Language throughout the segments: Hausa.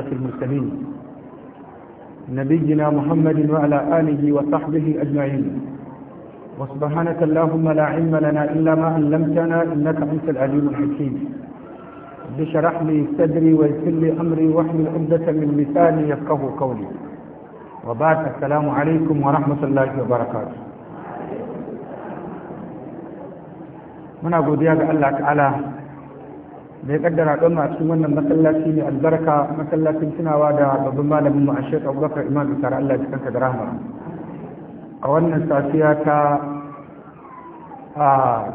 المسلمين نبينا محمد وعلى آله وصحبه أجمعين وسبحانك اللهم لا علم لنا إلا ما علمتنا إنك أنت العليم الحكيم بشرح لي صدري ويسر لي أمري واحمل عقدة من لساني يفقه قولي وبعد السلام عليكم ورحمة الله وبركاته من أقول يا الله تعالى da ya kaddara don a cikin wannan masallaci ne albarka masallacin tunawa da babban malamin mu a shek abubakar imam isar allah cikin kanka da rahama a wannan safiya ta a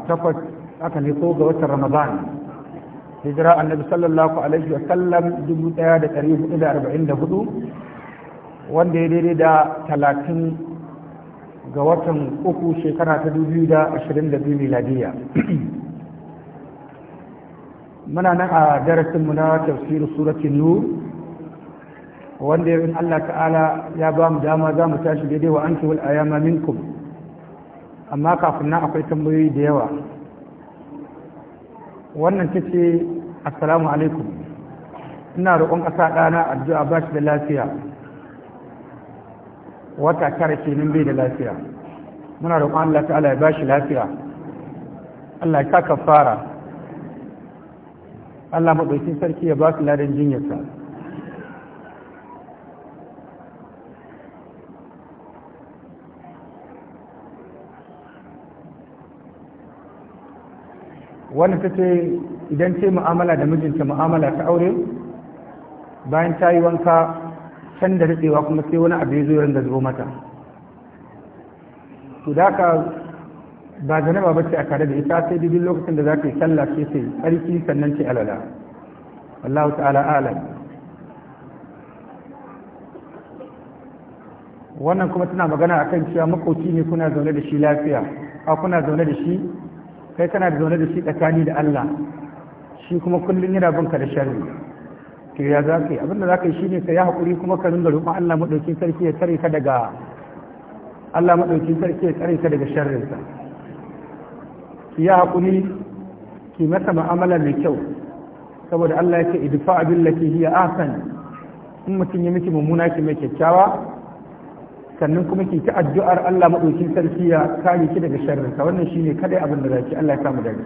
takwas aka ne ko ga watan ramadan hijira annabi sallallahu alaihi wa sallam dubu daya da dari hudu da arba'in da hudu wanda ya daidai da talatin ga watan uku shekara ta dubu da ashirin da biyu miladiyya muna nan a mu na tafsir suratul nur wanda in Allah ta'ala ya ba mu dama za mu tashi daidai wa anki wal ayama minkum amma kafin nan akwai tambayoyi da yawa wannan ta ce assalamu alaikum ina roƙon ƙasa ɗana addu'a ba shi da lafiya wata tara kenan bai da lafiya muna roƙon Allah ta'ala ya ba shi lafiya Allah ya ka Allah maɗaukin sarki ya ba su ladan jinyarsa wani ta ce idan ce mu'amala da mijinta mu'amala ta aure bayan ta yi wanka can da daɗewa kuma sai wani abu ya zo da zubo mata to da ba janaba bace a tare da ita sai duk lokacin da za ka yi sallah ce sai tsarki sannan ce alala wallahu ta'ala alam wannan kuma tana magana akan cewa makoci ne kuna zaune da shi lafiya a kuna zaune da shi kai kana da zaune da shi tsakani da Allah shi kuma kullum yana banka da sharri to ya za ka yi abinda za ka yi shine ka yi haƙuri kuma ka ringa roƙon Allah maɗaukin sarki ya tsare ka daga Allah maɗaukin sarki ya tsare ka daga sharrinsa ya yi haƙuri ki masa ma'amala mai kyau saboda Allah ya ce idfa abin lati hiya ahsan in mutum ya miki mummuna ki mai kyakkyawa sannan kuma ki ta addu'ar Allah madaukin sarki ya kare ki daga sharri ka wannan shine kadai abin da zaki Allah ya samu daga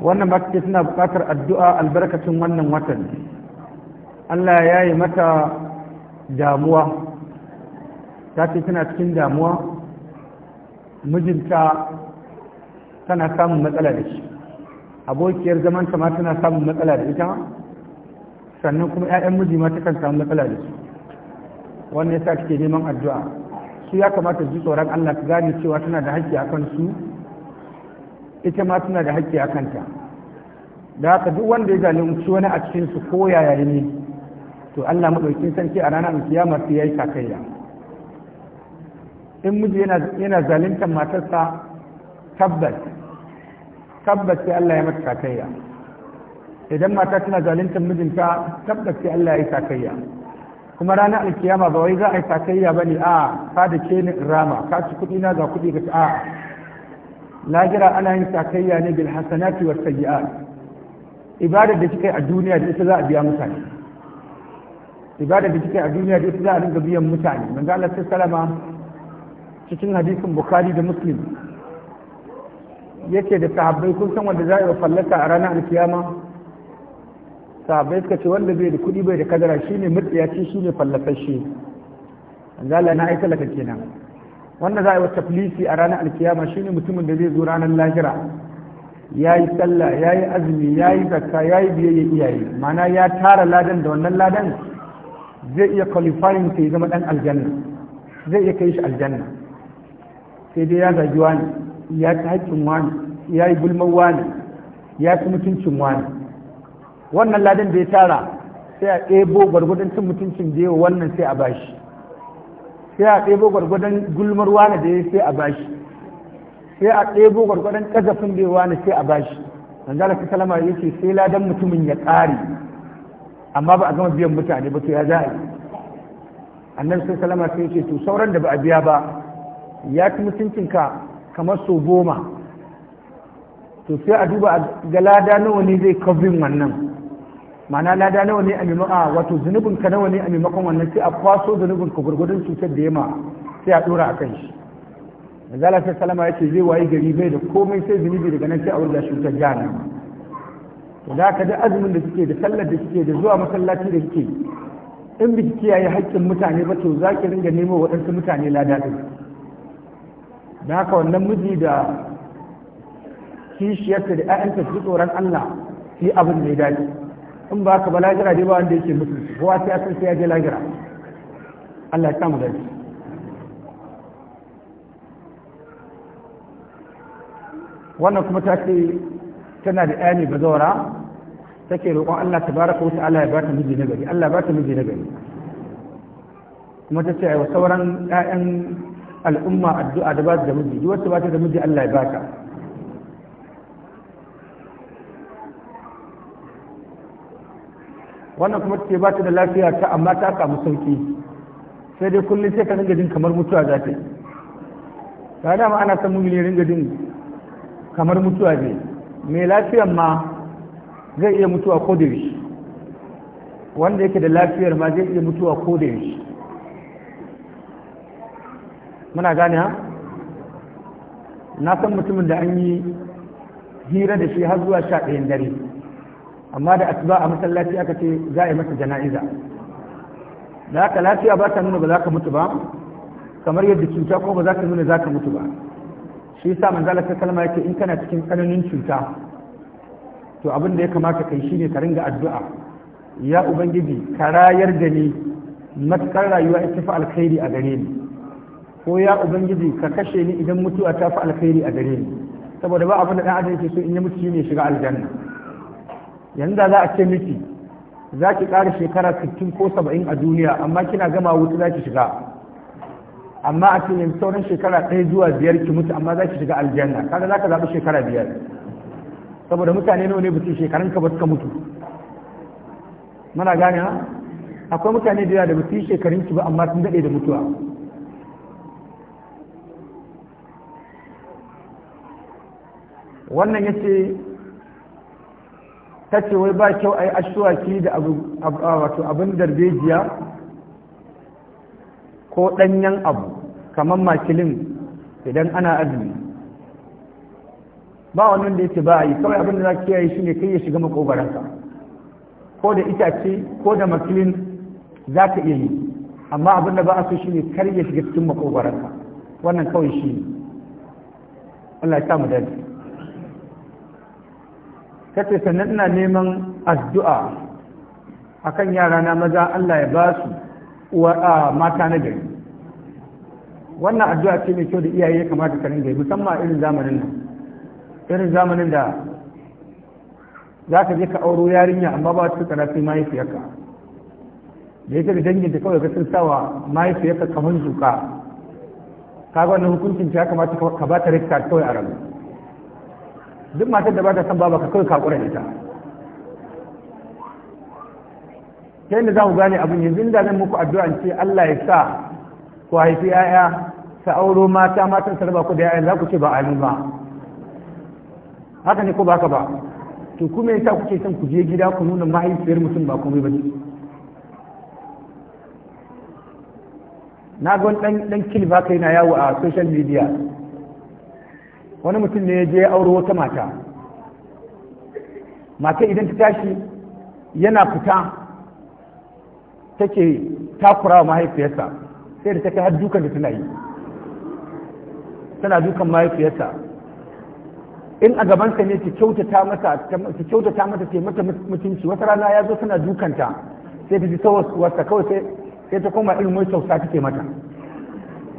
wannan ba take tana bukatar addu'a albarkacin wannan watan Allah ya yi mata damuwa ta ce tana cikin damuwa mijinta tana samun matsala da shi abokiyar zaman ma tana samun matsala da ita sannan kuma 'ya'yan miji ma takan samun matsala da su wannan yasa take neman addu'a su ya kamata su tsoron Allah su gane cewa tana da haƙƙi akan su ita ma tana da haƙƙi akan ta da haka duk wanda ya zalunci wani a cikin su ko yaya ne to Allah madaukin sarki a ranar kiyama sai yayi kakayya in miji yana zalintar matarsa tabbas tabbas sai Allah ya mata sakayya idan mata tana zalintar mijinta tabbas sai Allah ya yi sakayya kuma ranar alkiyama ba wai za a yi sakayya ba ne a ka da ke ni rama ka ci kuɗi na ga kuɗi ga a lahira ana yin sakayya ne bil hasanati was sayyi'at ibadar da kika yi a duniya da ita za a biya mutane ibadar da kika yi a duniya da ita za a dinga biyan mutane manzo Allah wasallam cikin hadisin bukhari da muslim yake da sahabbai kun san wanda za a yi fallasa a ranar alkiyama sahabbai suka ce wanda bai da kuɗi bai da kadara shi ne shine shi. zala na aika laka kenan wanda za a yi wa taflisi a ranar alkiyama shine mutumin da zai zo ranar lahira ya yi sallah ya yi azumi ya yi zakka ya yi biyayya iyaye mana ya tara ladan da wannan ladan zai iya qualifying sai zama ɗan aljanna zai iya kai shi aljanna sai dai ya zagi wani ya ci haƙƙin wani ya yi gulman wani ya ci mutuncin wani wannan ladin da ya tara sai a ɗebo gwargwadon cin mutuncin da yawa wannan sai a bashi sai a ɗebo gwargwadon gulmar wani da ya sai a bashi sai a ɗebo gwargwadon ƙazafin da yawa wani sai a bashi manzala ta salama ya ce sai ladan mutumin ya ƙare amma ba a gama biyan mutane ba to ya za a yi annan sai salama sai ce to sauran da ba a biya ba ya ci mutuncinka kamar so goma to sai a duba ga lada nawa ne zai kafin wannan ma'ana lada nawa ne a maimakon a wato zunubin ka nawa ne a maimakon wannan sai a kwaso zunubin ka gurgudun cutar da yama sai a dora a kan shi zala sai salama ya ce zai wayi gari bai da komai sai zunubi daga nan sai a wurga cutar jana to da ka da azumin da suke da sallar da suke da zuwa masallaci da suke in biki kiyaye haƙƙin mutane ba to za ki ringa nemo waɗansu mutane lada ɗin da haka wannan miji da kishiyarta da 'ya'yanta su tsoron Allah shi abin da ya dace in ba ka ba lajira dai ba wanda yake mutunci kowa sai san sai ya je lajira Allah ya samu dace wannan kuma ta ce tana da ɗaya ne bazawara take roƙon Allah ta baraka wata Allah ya bata miji na gari Allah ya bata miji na gari kuma ta ce wa sauran 'ya'yan al'umma addu'a da ba su da miji duk wacce ba ta da miji Allah ya baka wannan kuma ce ba ta da lafiya ta amma ta kamu sauki sai dai kullum sai ka ringa jin kamar mutuwa za ta yi da ma ana son ne ringa jin kamar mutuwa ne mai lafiyan ma zai iya mutuwa ko da yaushe wanda yake da lafiyar ma zai iya mutuwa ko da yaushe muna gane ha na san mutumin da an yi hira da shi har zuwa sha ɗayan dare amma da asuba a masallaci aka ce za a yi masa jana'iza da haka lafiya ba ta nuna ba za ka mutu ba kamar yadda cuta ko ba za ta nuna za ka mutu ba shi yasa manzala ta kalma yake in kana cikin tsananin cuta to abin da ya kamata kai shine ka ringa addu'a ya ubangiji ka rayar da ni matukar rayuwa ita fa alkhairi a gare ni ko ya ubangiji ka kashe ni idan mutuwa ta fi alkhairi a gare ni saboda ba abin da dan adam ke so in ya mutu ne shiga aljanna yanda za a ce miki za ki ƙara shekara 60 ko 70 a duniya amma kina gama wuta za ki shiga amma a cikin sauran shekara ɗaya zuwa biyar ki mutu amma za ki shiga aljanna kaga za ka zaɓi shekara biyar saboda mutane nawa ne ba su shekarun ka ba suka mutu muna gane ha akwai mutane da yawa da ba su shekarun ki ba amma sun daɗe da mutuwa wannan ta ce wai ba kyau a yi ashuwaki da abu wato abin darbejiya ko ɗanyen abu kamar makilin idan ana azumi ba wannan da yake ba a yi kawai abin da za ka kiyaye shi ne kai ya shiga makogaranka ko da itace ko da makilin za ka iya yi amma abin da ba a so shine kar ya shiga cikin makogaranka wannan kawai shi ne Allah ya sa mu ta ce sannan ina neman addu'a akan yara na maza Allah ya ba su mata na gari wannan addu'a ce mai kyau da iyaye ya kamata ka ringa musamman irin zamanin nan irin zamanin da za ka je ka auro yarinya amma ba su kana sai mahaifiyarka da yake da dangin da kawai ka sun sawa mahaifiyarka kamar zuka ka ga wannan hukuncin ta ya kamata ka ba ta rikta kawai a rabu duk matar da ba ta san baba ka kawai kakura ita ta yadda za ku gane abin yanzu inda zan muku addu'a ce Allah ya sa ku haifi 'ya'ya ta auro mata matan sarba ku da 'ya'ya za ku ce ba alim ba haka ne ko ba ka ba to kuma yasa kuke son ku je gida ku nuna mahaifiyar mutum ba komai ba na ga wani dan kilba kai na yawo a social media wani mutum ne ya je ya auro wata mata mata idan ta tashi yana fita take takura wa mahaifiyarsa sai da take har dukan da tana yi tana dukan mahaifiyarsa in a gabansa ne ta kyautata mata ta kyautata mata ta mata mutunci wata rana ya zo tana dukanta sai ta ji tawas kawai sai ta koma mai sausa take mata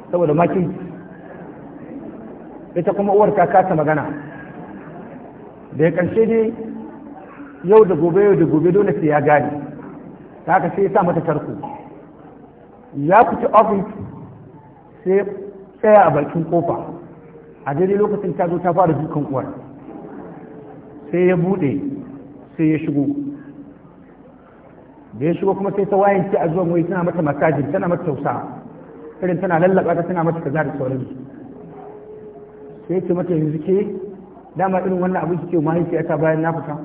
saboda makinci ita kuma uwar ta kasa magana da ya ƙarshe dai yau da gobe yau da gobe dole sai ya gane ta haka sai ya sa mata tarko ya fita ofis sai tsaya a bakin kofa a daidai lokacin ta zo ta fara dukan uwar sai ya buɗe sai ya shigo da ya shigo kuma sai ta wayanci a zuwan wai tana mata masajin tana mata tausa irin tana lallaba ta tana mata kaza da sauransu sai ce mata yanzu ke dama irin wannan abin ma mahaifiya ta bayan na fita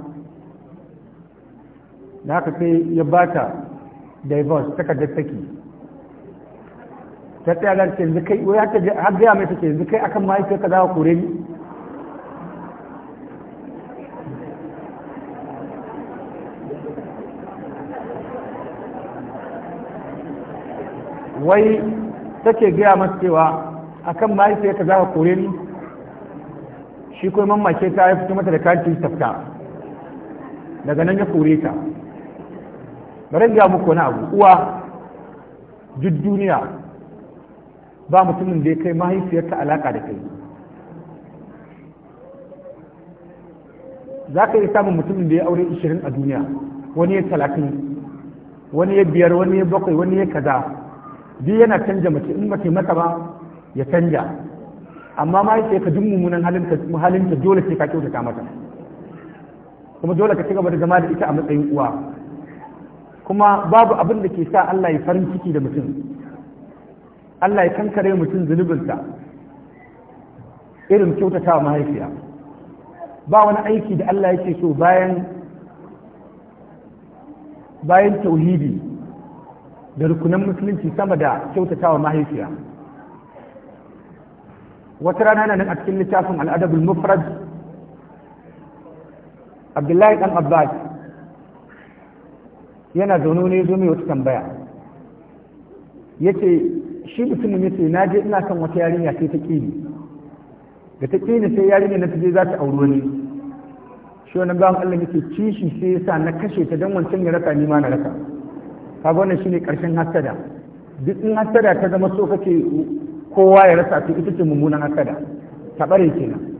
da haka sai ya bata divorce takardar saki ta tsaya da ce yanzu kai wai har gaya mai take yanzu kai akan ka za ka kore ni wai take gaya masu cewa akan ka za ka kore ni shi kuma mamake ta ya fito mata da katin tafta daga nan ya kore ta bari ga muku wani abu uwa duk duniya ba mutumin da ya kai mahaifiyarka alaka da kai za ka iya samun mutumin da ya aure 20 a duniya wani ya talatin wani ya biyar wani ya bakwai wani ya kaza duk yana canja mace in mace mata ba ya canja amma ma yake ka duk mummunan ta dole sai ka kyautata mata kuma dole ka ci gaba da zama da ita a matsayin uwa kuma babu abin da ke sa Allah ya farin ciki da mutum Allah ya kankare mutum zunubinsa irin kyautata wa mahaifiya ba wani aiki da Allah yake so bayan bayan tauhidi da rukunan musulunci sama da kyautata wa mahaifiya wata rana na nan a cikin littafin al'adabul mufrad abdullahi dan abbas yana zaune ne zo mai wata tambaya yace shi mutumin yace na je ina kan wata yarinya sai ta kini da ta kini sai yarinya na taje za ta auro ni shi wannan wani Allah yake kishi sai yasa na kashe ta dan wancan ya rasa ni ma na rasa kaga wannan shine karshen hasada duk in hasada ta zama so kake kowa ya rasa su ita ce mummunan ta tabare kenan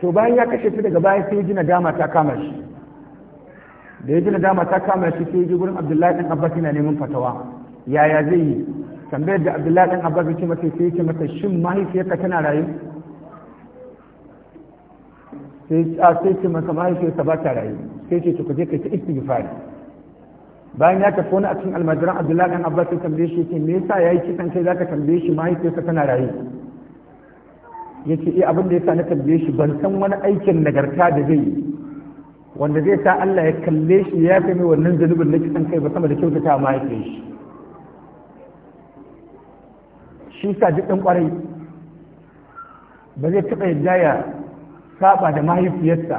to bayan ya kashe su daga baya sai ji dama ta kama shi da ya ji nadama ta kama shi sai ji gurin abdullahi ɗan abbas yana neman fatawa yaya zai yi tambayar da abdullahi ɗan abbas yake mata sai yake mata shin mahaifiyarka tana rayu sai ah, ce masa mahaifiyarsa ba ta rayu sai ce to ka je ka ta istighfari bayan ya tafi wani a cikin almajiran abdullahi dan abbas ya tambaye shi yake me yasa yayi kisan kai zaka tambaye shi mahaifiyarsa tana raye yace eh abin da sa na tambaye shi ban san wani aikin nagarta da zai yi wanda zai sa Allah ya kalle shi ya fi mai wannan zunubin na kisan kai ba sama da kyautata mahaifiyar shi shi sa duk ɗan ƙwarai ba zai taɓa yadda ya saba da mahaifiyarsa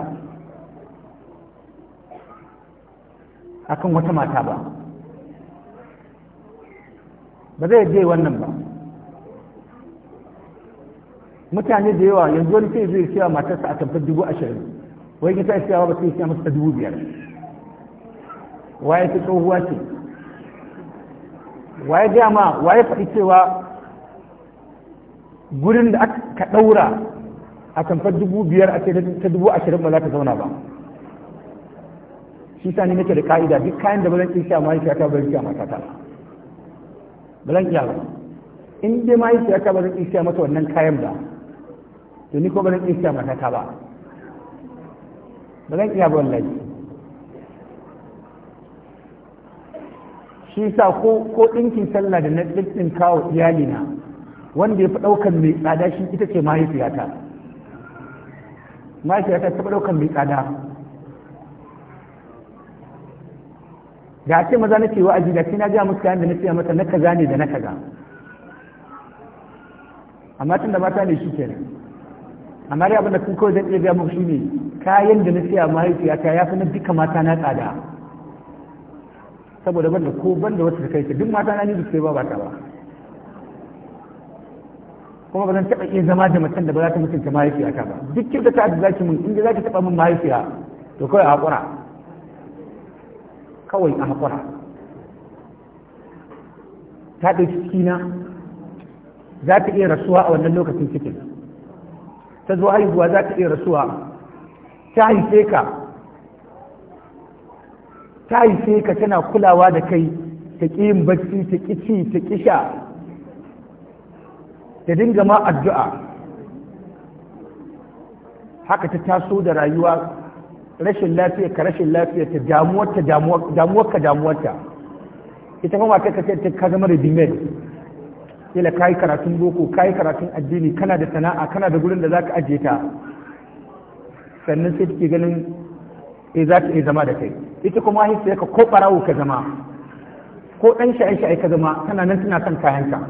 akan wata mata ba ba zai je wannan ba mutane da yawa yanzu wani sai zai siya matarsa a tamfar dubu ashirin wai ya sai siyawa ba sai siya masa dubu biyar waye ta tsohuwa ce waye gaya ma waye faɗi cewa gurin da aka ɗaura a tamfar dubu biyar a ce ta dubu ashirin ba za ta zauna ba shi sa ni nake da ka'ida duk kayan da ba zan ma sha mahaifiyata ba zan ma kata ba zan iya ba in dai mahaifiyata ba zan iya sha mata wannan kayan ba to ni ko ba zan iya sha matata ba ba zan iya ba wallahi shi sa ko ko ɗinkin sallah da na ɗinkin kawo iyalina wanda ya fi ɗaukan mai tsada shi ita ce mahaifiyata mahaifiyata ta fi ɗaukan mai tsada da ce maza na ce wa'azi da na ga musu kayan da na ce mata na kaza ne da na kaza amma tun da mata ne shi ke amma dai abin da kun kawai zan iya ga muku shine kayan da na siya ta ya fi na duka mata na tsada saboda banda ko banda wasu da kai duk mata na ni duk sai ba bata ta ba kuma ba zan taɓa iya zama da mutum da ba za ta mutunta mahaifiyata ba duk kirka ta da zaki mun in da zaki taɓa min mahaifiya to kawai a haƙura kawai a haƙura ta ɗauki cikina za ta iya rasuwa a wannan lokacin cikin ta zo haihuwa za ta iya rasuwa ta haife ka ta haife ka tana kulawa da kai ta ƙi yin bacci ta ƙi ci ta ƙi sha ta dinga ma addu'a haka ta taso da rayuwa rashin lafiya ka rashin lafiya ta damuwar ta damuwar ka damuwar ta ita kuma ta kace ka zama ready kila kai karatun boko kai karatun addini kana da sana'a kana da gurin da zaka ajiye ta sannan sai take ganin eh za ta iya zama da kai ita kuma hisa ka ko barawo ka zama ko dan shaye shaye ka zama kana nan tana kan kayanka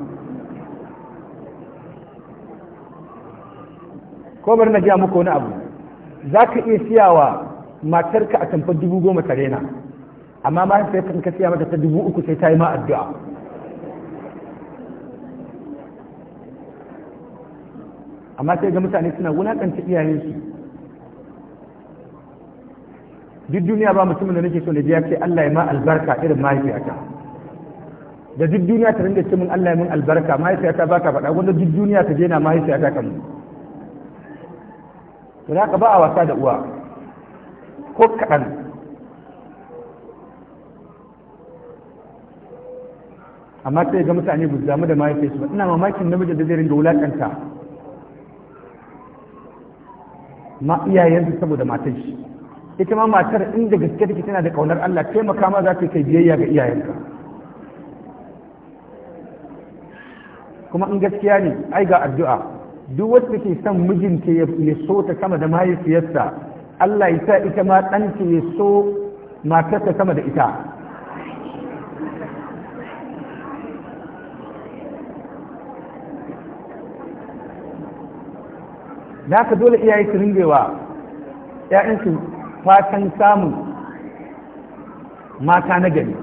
ko bari na ji muku wani abu za ka iya siyawa matarka a tamfar dubu goma ta rena amma ma sai kan ka siya mata ta dubu uku sai ta yi ma addu'a amma sai ga mutane suna wulakanta iyayensu duk duniya ba mutumin da nake so da ya ce Allah ya ma albarka irin mahaifiyata da duk duniya ta rinda ce min Allah ya min albarka mahaifiyata ba ka faɗa wanda duk duniya ta je na mahaifiyata kan mu to da ka ba a wasa da uwa ko kaɗan amma sai ga mutane ba damu da mahaifiyarsu ba ina mamakin namijin da zai ringa wulakanta ma iyayensu saboda matan shi ita ma matar inda gaske take tana da kaunar Allah taimaka ma za ta kai biyayya ga iyayenka kuma in gaskiya ne ai ga addu'a duk da ke son mijinta ya so ta sama da mahaifiyarsa Allah ya sa ita ma ɗanta ya so matarsa sama da ita da haka dole iyaye su ringewa ‘ya'yansu fatan samun mata na gari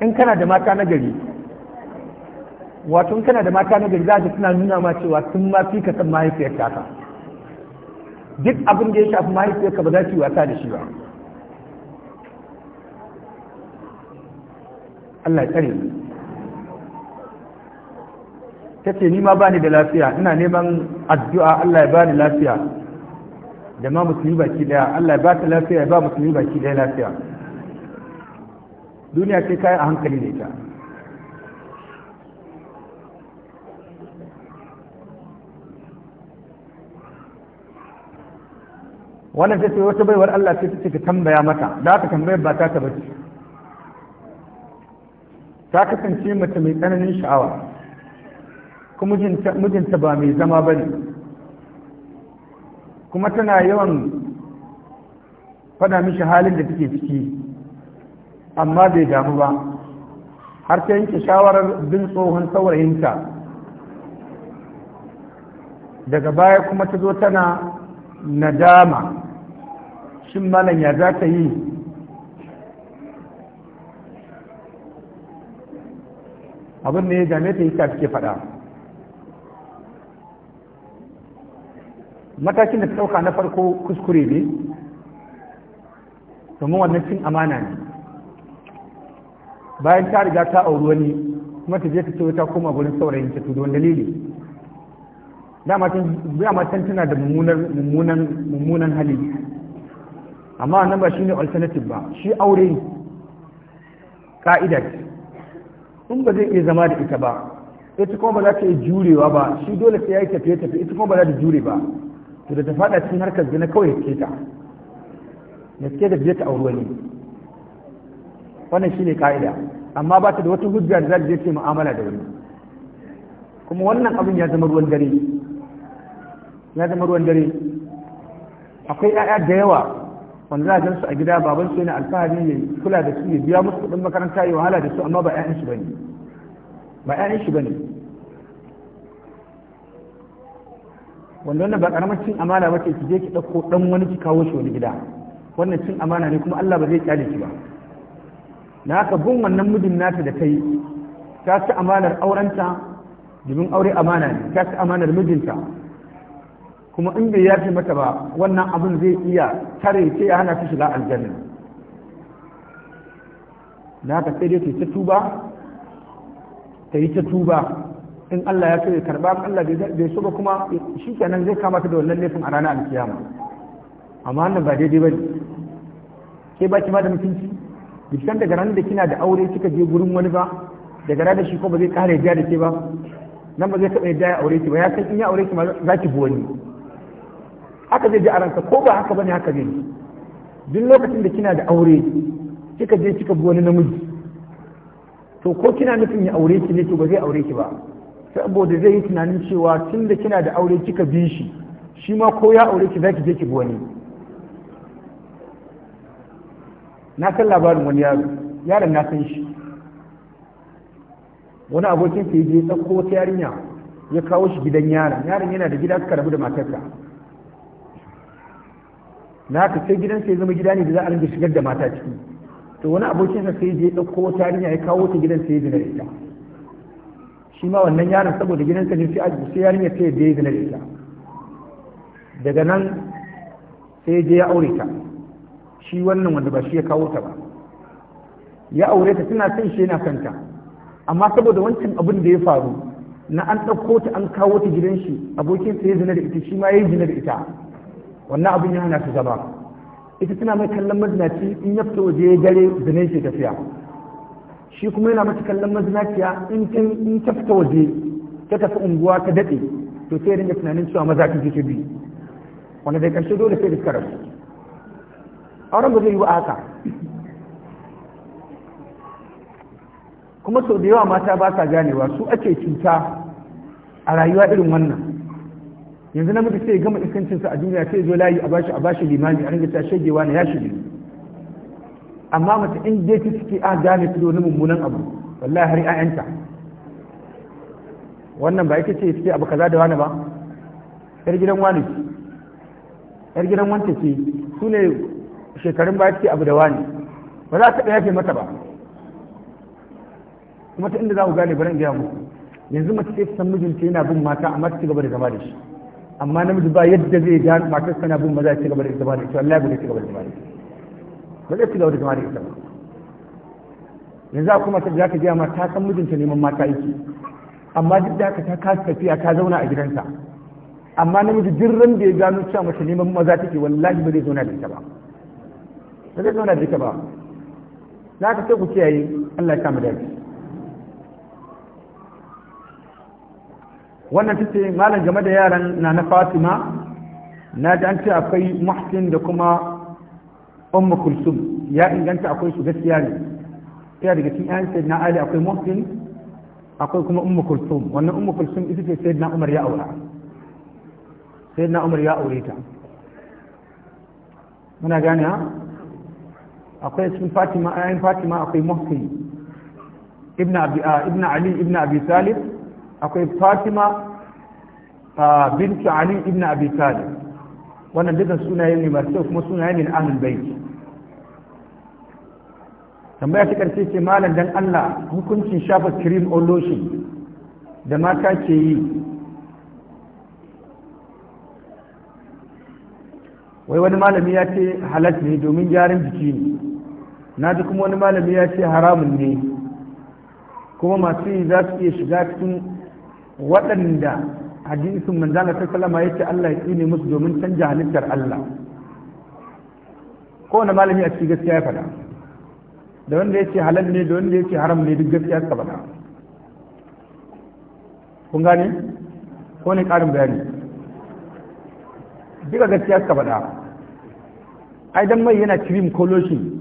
in kana da mata na gari wato in kana da mata na gari za ka suna nuna ma cewa sun ma fi ka san mahaifiyar taka duk abin da ya shafi ka ba za ki wasa da shi ba Allah ya tsare ta ce ni ma ni da lafiya ina neman addu'a Allah ya ba ni lafiya da ma musulmi baki daya Allah ya ba ta lafiya ya ba musulmi baki daya lafiya duniya sai kayan a hankali ne ta wannan ta ce wata baiwar Allah ce ta ce ka tambaya mata da aka tambaya ba ta ta bace ta kasance mace mai tsananin sha'awa kuma mijinta ba mai zama ba ne kuma tana yawan fada mishi halin da take ciki amma bai damu ba har ta yanke shawarar bin tsohon saurayinta daga baya kuma ta zo tana nadama shin malam ya za ta yi abin da ya game ta yi ta suke faɗa matakin da ta ɗauka na farko kuskure ne domin wannan cin amana ne bayan ta riga ta auri wani kuma ta je ta ce ta koma gurin saurayin ta tudu wani dalili dama can tana da mummunan hali amma nan ba ne alternative ba shi aure ka'idar in ba zai iya zama da ita ba ita kuma ba za ta yi jurewa ba shi dole sai ya yi tafiye tafiye ita kuma ba za ta jure ba to da ta fada cikin harkar zina kawai ya ta ya ke da biyar ta auri wani wannan shi ne ka'ida amma ba ta da wata hujja da za ta je ce mu'amala da wani kuma wannan abin ya zama ruwan dare ya zama ruwan dare akwai 'ya'ya da yawa wanda za a gansu a gida baban su yana alfahari ya kula da su ya biya musu kuɗin makaranta ya wahala da su amma ba 'ya'yan shi bane ba 'ya'yan shi bane wanda wannan ba karamar cin amana ba ce ki je ki ɗauko ɗan wani ki kawo shi wani gida wannan cin amana ne kuma Allah ba zai kyale ki ba na haka bin wannan mijin nata da kai ta ci amanar aurenta domin aure amana ne ta ci amanar mijinta kuma in bai yafe mata ba wannan abin zai iya tare ce ya hana ta shiga aljanna da haka sai dai ta tuba ta yi ta tuba in Allah ya so ya karba Allah bai so ba kuma shi kenan zai kama ta da wannan laifin a ranar alkiyama amma wannan ba daidai bane ke ba ki ma da mutunci bikin daga ranar da kina da aure kika je gurin wani ba daga ranar shi ko ba zai kare yarda da ke ba nan ba zai taɓa yadda ya aure ki ba ya san in ya aure ki ma za ki bi wani haka zai ji a ransa ko ba haka bane haka zai duk lokacin da kina da aure kika je kika bi wani namiji to ko kina nufin ya aure ki ne to ba zai aure ki ba saboda zai yi tunanin cewa tun da kina da aure kika bi shi shi ma ko ya aure ki za ki je ki bi wani na san labarin wani yaro yaron na san shi wani abokin sai je tsakko ta wata yarinya ya kawo shi gidan yaron yaron yana da gida suka rabu da matarsa na haka sai gidansa ya zama gida ne da za a rinka shigar da mata ciki to wani abokin sa sai je dauko wata yarinya ya kawo ta gidansa ya zina da ita shi ma wannan yaron saboda gidansa ne sai sai yarinya ta yadda ya zina da ita daga nan sai je ya aure ta shi wannan wanda ba shi ya kawo ta ba ya aure ta tana son shi yana kanta amma saboda wancan abin da ya faru na an ɗauko ta an kawo ta gidan shi abokin sa ya zina da ita shi ma ya yi zina da ita wannan abin ya hana su zama ita tana mai kallon mazinaci in ya fito waje dare zane ke tafiya shi kuma yana mata kallon mazinaciya in ta fito waje ta tafi unguwa ta daɗe to sai rinka tunanin cewa maza ta ke bi wanda da ƙarshe dole sai da rasu auren ba zai yi wa haka kuma sau da yawa mata ba sa ganewa su ake cuta a rayuwa irin wannan yanzu namiji sai gama iskancinsa a duniya sai zo layi a bashi a bashi limami a ringa ta shagewa na ya shige amma mace in je ta suke a gane su wani mummunan abu wallahi har ƴaƴanta wannan ba ita ce suke abu kaza da wani ba yar gidan wani yar gidan wanta ce su ne shekarun baya suke abu da wani ba za ka yafe mata ba kuma ta inda za ku gane bari in gaya muku yanzu mace ce san mijinta yana bin mata amma ta ci gaba da zama da shi amma namiji ba yadda zai ga matar sana bin maza ci gaba da ita ba da ita wallahi ba ci gaba da ita ba zai ci gaba da ba da ita ba yanzu akwai matar da ka ji ma ta san mijinta neman mata yake amma duk da haka ta kasa tafiya ta zauna a gidansa amma namiji duk ran da ya gano cewa mace neman maza take wallahi ba zai zauna da ita ba ba zai zauna da ita ba za ka sai ku kiyaye Allah ya kama ita wannan ta ce malam game da yaran na na fatima na ji an ce akwai muhsin da kuma ummu kulsum ya inganta akwai su gaskiya ne ta daga cikin yan sayyidina ali akwai muhsin akwai kuma ummu kulsum wannan ummu kulsum ita ce sayyidina umar ya aura sayyidina umar ya aure ta muna gane ha akwai cikin fatima ayan fatima akwai muhsin ibn abi ah, ibn ali ibn abi talib akwai fatima bintu ali ibn abi talib wannan dukkan sunaye ne masu kyau kuma sunaye ne na ahlul bait tambaya ta karshe ce malam dan Allah hukuncin shafa cream or lotion da mata ke yi wai wani malami ya ce halal ne domin gyaran jiki ne na ji kuma wani malami ya ce haramun ne kuma masu yi za su iya shiga cikin waɗanda hadisin manzana ta salama ya ce Allah ya tsine musu domin canja halittar Allah kowane malami a cikin gaskiya ya faɗa da wanda ya ce halal ne da wanda ya ce haram ne duk gaskiya suka faɗa kun gane ko ne ƙarin bayani duka gaskiya suka faɗa ai dan mai yana cream ko lotion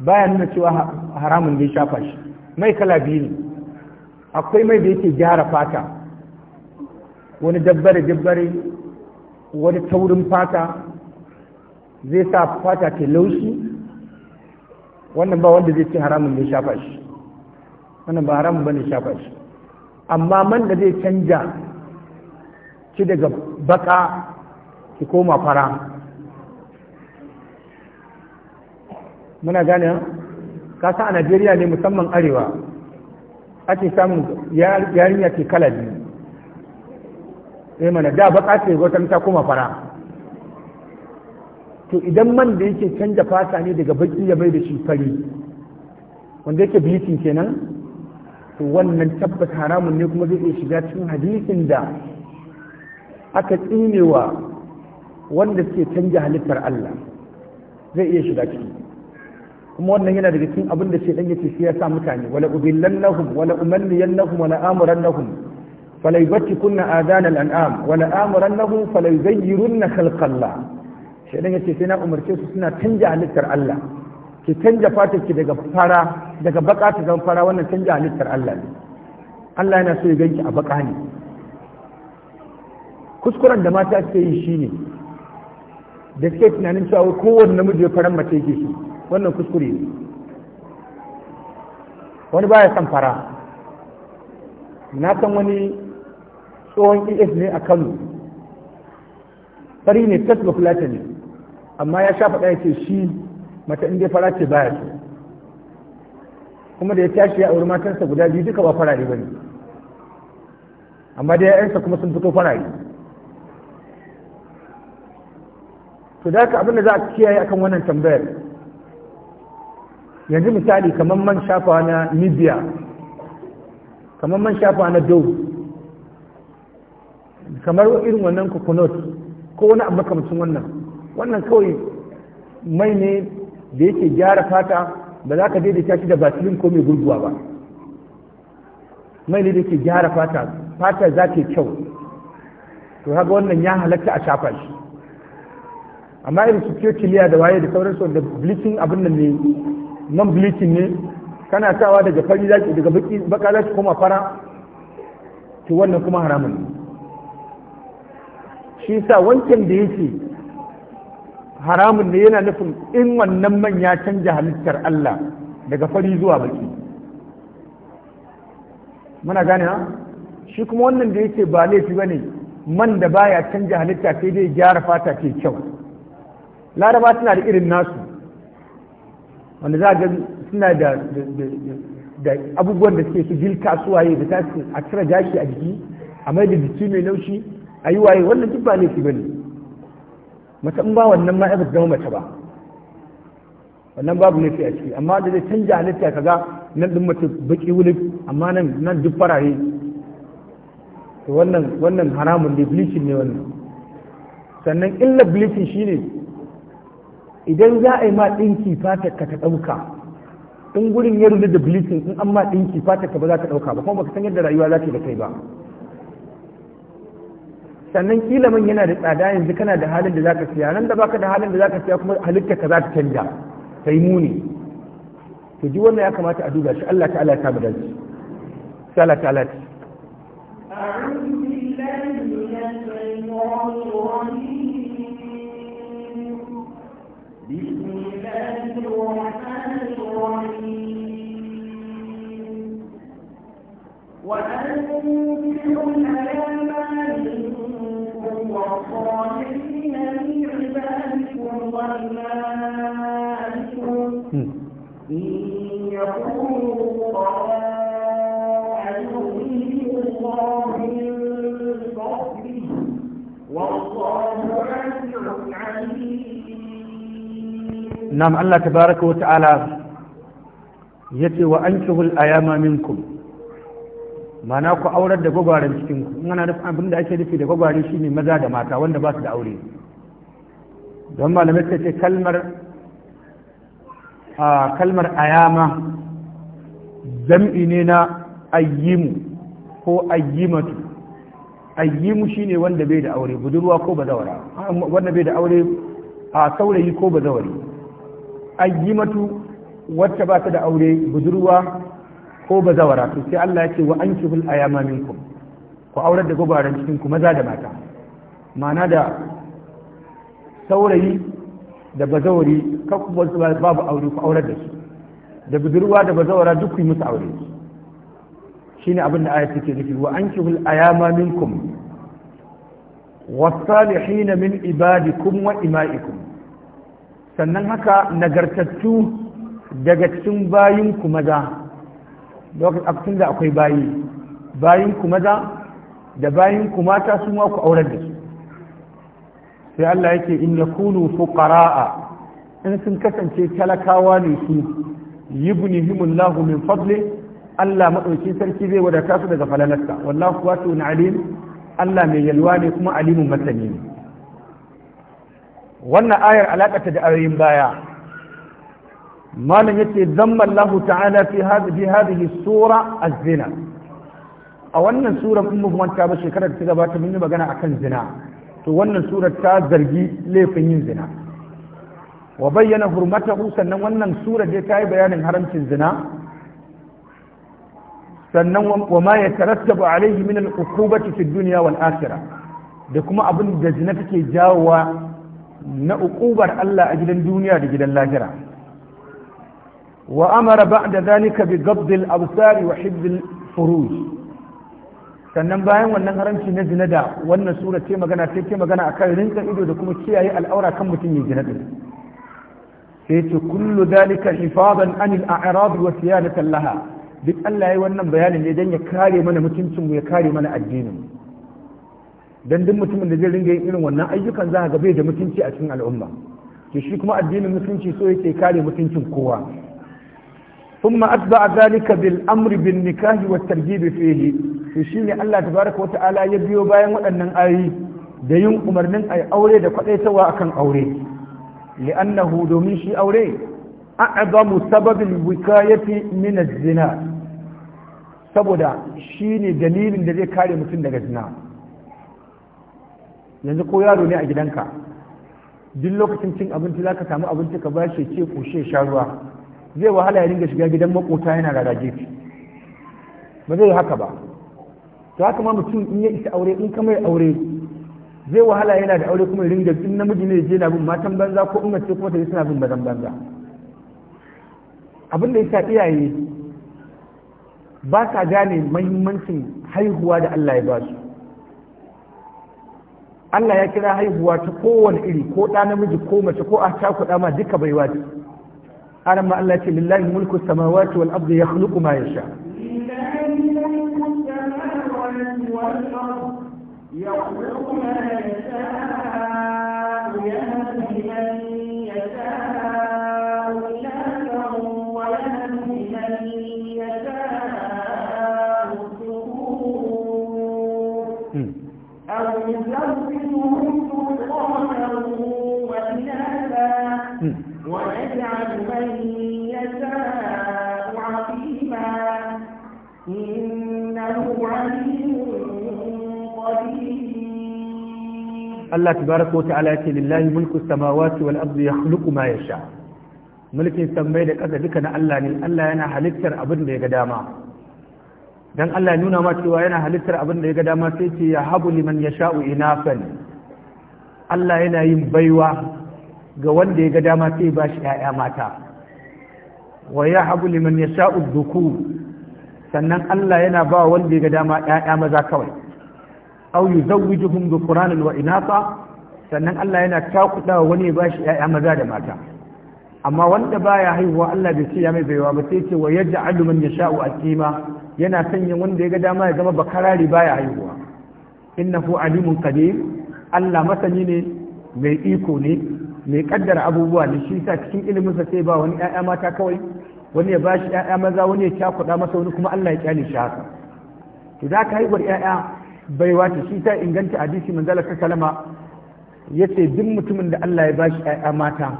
baya nuna cewa haramun bai shafa shi mai kala biyu ne akwai mai da yake gyara fata wani dabbare dabbare wani taurin fata zai sa fata ke laushi wannan ba wanda zai ce haramun ne shafa shi wannan ba haramun bane shafa shi amma man da zai canja shi daga baka ki koma fara muna gane ka sa a najeriya ne musamman arewa ake samun yarinya ke kala biyu sai eh mana da baka ce wata ta kuma fara to idan man da yake canja fata ne daga baki ya mai da shi fari wanda yake bilikin kenan to wannan tabbas haramun ne kuma zai iya shiga cikin hadisin da aka tsinewa wanda ke canja halittar Allah zai iya shiga ciki kuma wannan yana daga cikin abin da shedan yake shi ya sa mutane wala ubillannahum wala umalliyannahum wala amurannahum bacci kunna adana al-an'am wala amurannahum fala yuzayyirunna shi shedan yake sai na umarce su suna canja halittar Allah ki canja fatar ki daga fara daga baka ta zama fara wannan canja halittar Allah ne Allah yana so ya ganki a baka ne kuskuren da mata suke yi shine da suke tunanin cewa kowanne namiji ya faran mace yake shi wannan kuskure ne wani baya san fara na san wani tsohon es ne a kano fari ne tas ba fulata ne amma ya sha faɗa ya ce shi mata inda fara ce baya ce kuma da ya tashi ya auri matansa guda biyu duka ba farare ba ne amma da ya'yansa kuma sun fito farare to da haka abin da za a kiyaye akan wannan tambayar yanzu misali kamar man shafa na nibia kamar man shafa na dow kamar irin wannan coconut ko wani abu makamcin wannan wannan kawai mai ne da yake gyara fata ba za ka daidaita shi da basilin ko mai gurguwa ba mai ne da yake gyara fata fata za ta kyau to haka wannan ya halatta a shafa shi amma irin su kiliya da waye da sauransu da bleaching abin nan ne nan bilikin ne kana sawa daga fari zaki daga baki baka zaki koma fara to wannan kuma haramun ne shi sa wancan da yake haramun ne yana nufin in wannan man ya canja halittar Allah daga fari zuwa baki muna gane ha shi kuma wannan da yake ba laifi bane man da baya canja halitta sai dai gyara fata ke kyau laraba tana da irin nasu wanda za ga suna da abubuwan da suke su jil kasuwaye da tasiri a cire gashi a jiki a mai da jiki mai laushi a yi waye wannan duk ba laifi bane ne in ba wannan ma ba zama mace ba wannan babu laifi a ciki amma da zai canja halitta kaga nan din mace baki wulif amma nan nan duk farare to wannan wannan haramun ne bleaching ne wannan sannan illa bleaching shine idan za a yi ma ɗinki fatar ka ta ɗauka in gurin ya rubu da bleaching in an ma ɗinki fatar ka ba za ta ɗauka ba kuma baka san yadda rayuwa za ta da kai ba sannan kila man yana da tsada yanzu kana da halin da za ka siya nan da baka da halin da za ka siya kuma halitta ka za ta canja ta yi muni to ji wannan ya kamata a duba shi Allah ta'ala ta bada shi nam Allah tabaraka wa ta'ala yace wa ankihul ayama minkum mana ku aurar da gwagwaren cikin ku in ana nufin abin ake nufi da gwagware shine maza da mata wanda ba su da aure don malamai ta ce kalmar a kalmar ayama zam'i ne na ayyimu ko ayyimatu ayyimu shine wanda bai da aure budurwa ko bazawara wanda bai da aure a saurayi ko bazawari ayyimatu wacce ba ta da aure budurwa ko bazawara to sai Allah ya ce wa ankihul ayama minkum ku aurar da gubaran cikin ku maza da mata ma'ana da saurayi da bazawari babu aure ku aurar da su da budurwa da bazawara duk ku yi musu aure shine abin da ayat take nufi wa ankihul ayama minkum min ibadikum wa ima'ikum. sannan haka nagartattu daga cikin bayin maza lokacin da akwai bayi bayin maza da bayanku mata su ma ku aurar da su sai Allah yake in yakunu fuqara'a in sun kasance talakawa ne su yibnihimullahu min fadli Allah madaukin sarki zai wadata su daga falalarsa wallahu wasi'un alim Allah mai yalwa ne kuma alimun masani ne wannan ayar alakata da ayoyin baya malam yace zamma Allah ta'ala fi hadhihi hadhihi sura az-zina a wannan sura in mun manta ba shekarar ta gabata mun yi magana akan zina to wannan sura ta zargi laifin yin zina wa bayyana hurmatahu sannan wannan sura dai ta yi bayanin haramcin zina sannan wa ma yatarattabu alayhi min al-uqubati fi dunya wal akhirah da kuma abin da zina take jawowa na uƙubar Allah a gidan duniya da gidan lahira wa amara ba'da zalika bi gabdil absari wa hibdil furuj sannan bayan wannan haramci na zina da wannan sura ce magana sai ce magana akan rinka ido da kuma kiyaye al'aura kan mutum ya zina din sai ce kullu dalika hifadan anil a'rad wa siyanatan laha duk Allah ya yi wannan bayanin ne dan ya kare mana mutuncin mu ya kare mana addinin mu dan duk mutumin da zai ringa yin irin wannan ayyukan za ga bai da mutunci a cikin al'umma to shi kuma addinin mutunci so yake kare mutuncin kowa amri bin ذلك بالأمر بالنكاح والترغيب فيه to shine Allah tabaraka wa ta'ala ya biyo bayan waɗannan ayoyi da yin umarnin ai aure da kwadaitawa akan aure li'annahu domin shi aure a'zamu sababin wikayati min az-zina saboda shine dalilin da zai kare mutum daga zina yanzu ko yaro ne a gidanka duk lokacin cin abinci zaka samu abinci ka ba shi ce kushe sha ruwa zai wahala ya dinga shiga gidan makota yana rarage shi ba zai yi haka ba to haka ma mutum in ya isa aure in ka mai aure zai wahala yana da aure kuma ringa in namiji ne je na bin matan banza ko in mace kuma ta suna bin bazan banza abin da yasa iyaye ba sa gane muhimmancin haihuwa da Allah ya ba su Allah ya kira haihuwa ta kowane iri ko ɗa namiji ko mace ko a cakuɗa ma duka bai wata anan ma Allah ce lillahi mulku samawati wal ardi yakhluqu ma yasha يخلق ما يشاء يجعل من يشاء عقيما إنه عليم قدير الله تبارك وتعالى لله ملك السماوات والأرض يخلق ما يشاء mulkin sammai da ƙasa duka na Allah ne Allah yana halittar abin da ya ga dama dan Allah nuna ma cewa yana halittar abin da ya ga dama sai ce ya habu liman yasha'u inafan Allah yana yin baiwa ga wanda ya ga dama sai ba shi ‘ya'ya mata wa ya habu liman ya sha uzuku sannan Allah yana ba wanda ya ga dama ‘ya'ya maza kawai au yi zawujuhun da ƙuranin wa inafa sannan Allah yana cakuɗa wani ba shi ‘ya'ya maza da mata amma wanda baya haihuwa Allah bai ce ya mai baiwa ba sai ce wa yadda aluman ya sha'u a kima yana sanya wanda ya ga dama ya zama bakarari baya haihuwa innahu alimun qadir Allah masani ne mai iko ne mai kaddara abubuwa ne shi sa cikin ilimin sa sai ba wani ƴaƴa mata kawai wani ya bashi ƴaƴa maza wani ya cakuɗa masa wani kuma Allah ya kyale shi haka to za ka haihuwar ƴaƴa baiwa wata shi ta inganta hadisi manzala ta kalama yace duk mutumin da Allah ya bashi ƴaƴa mata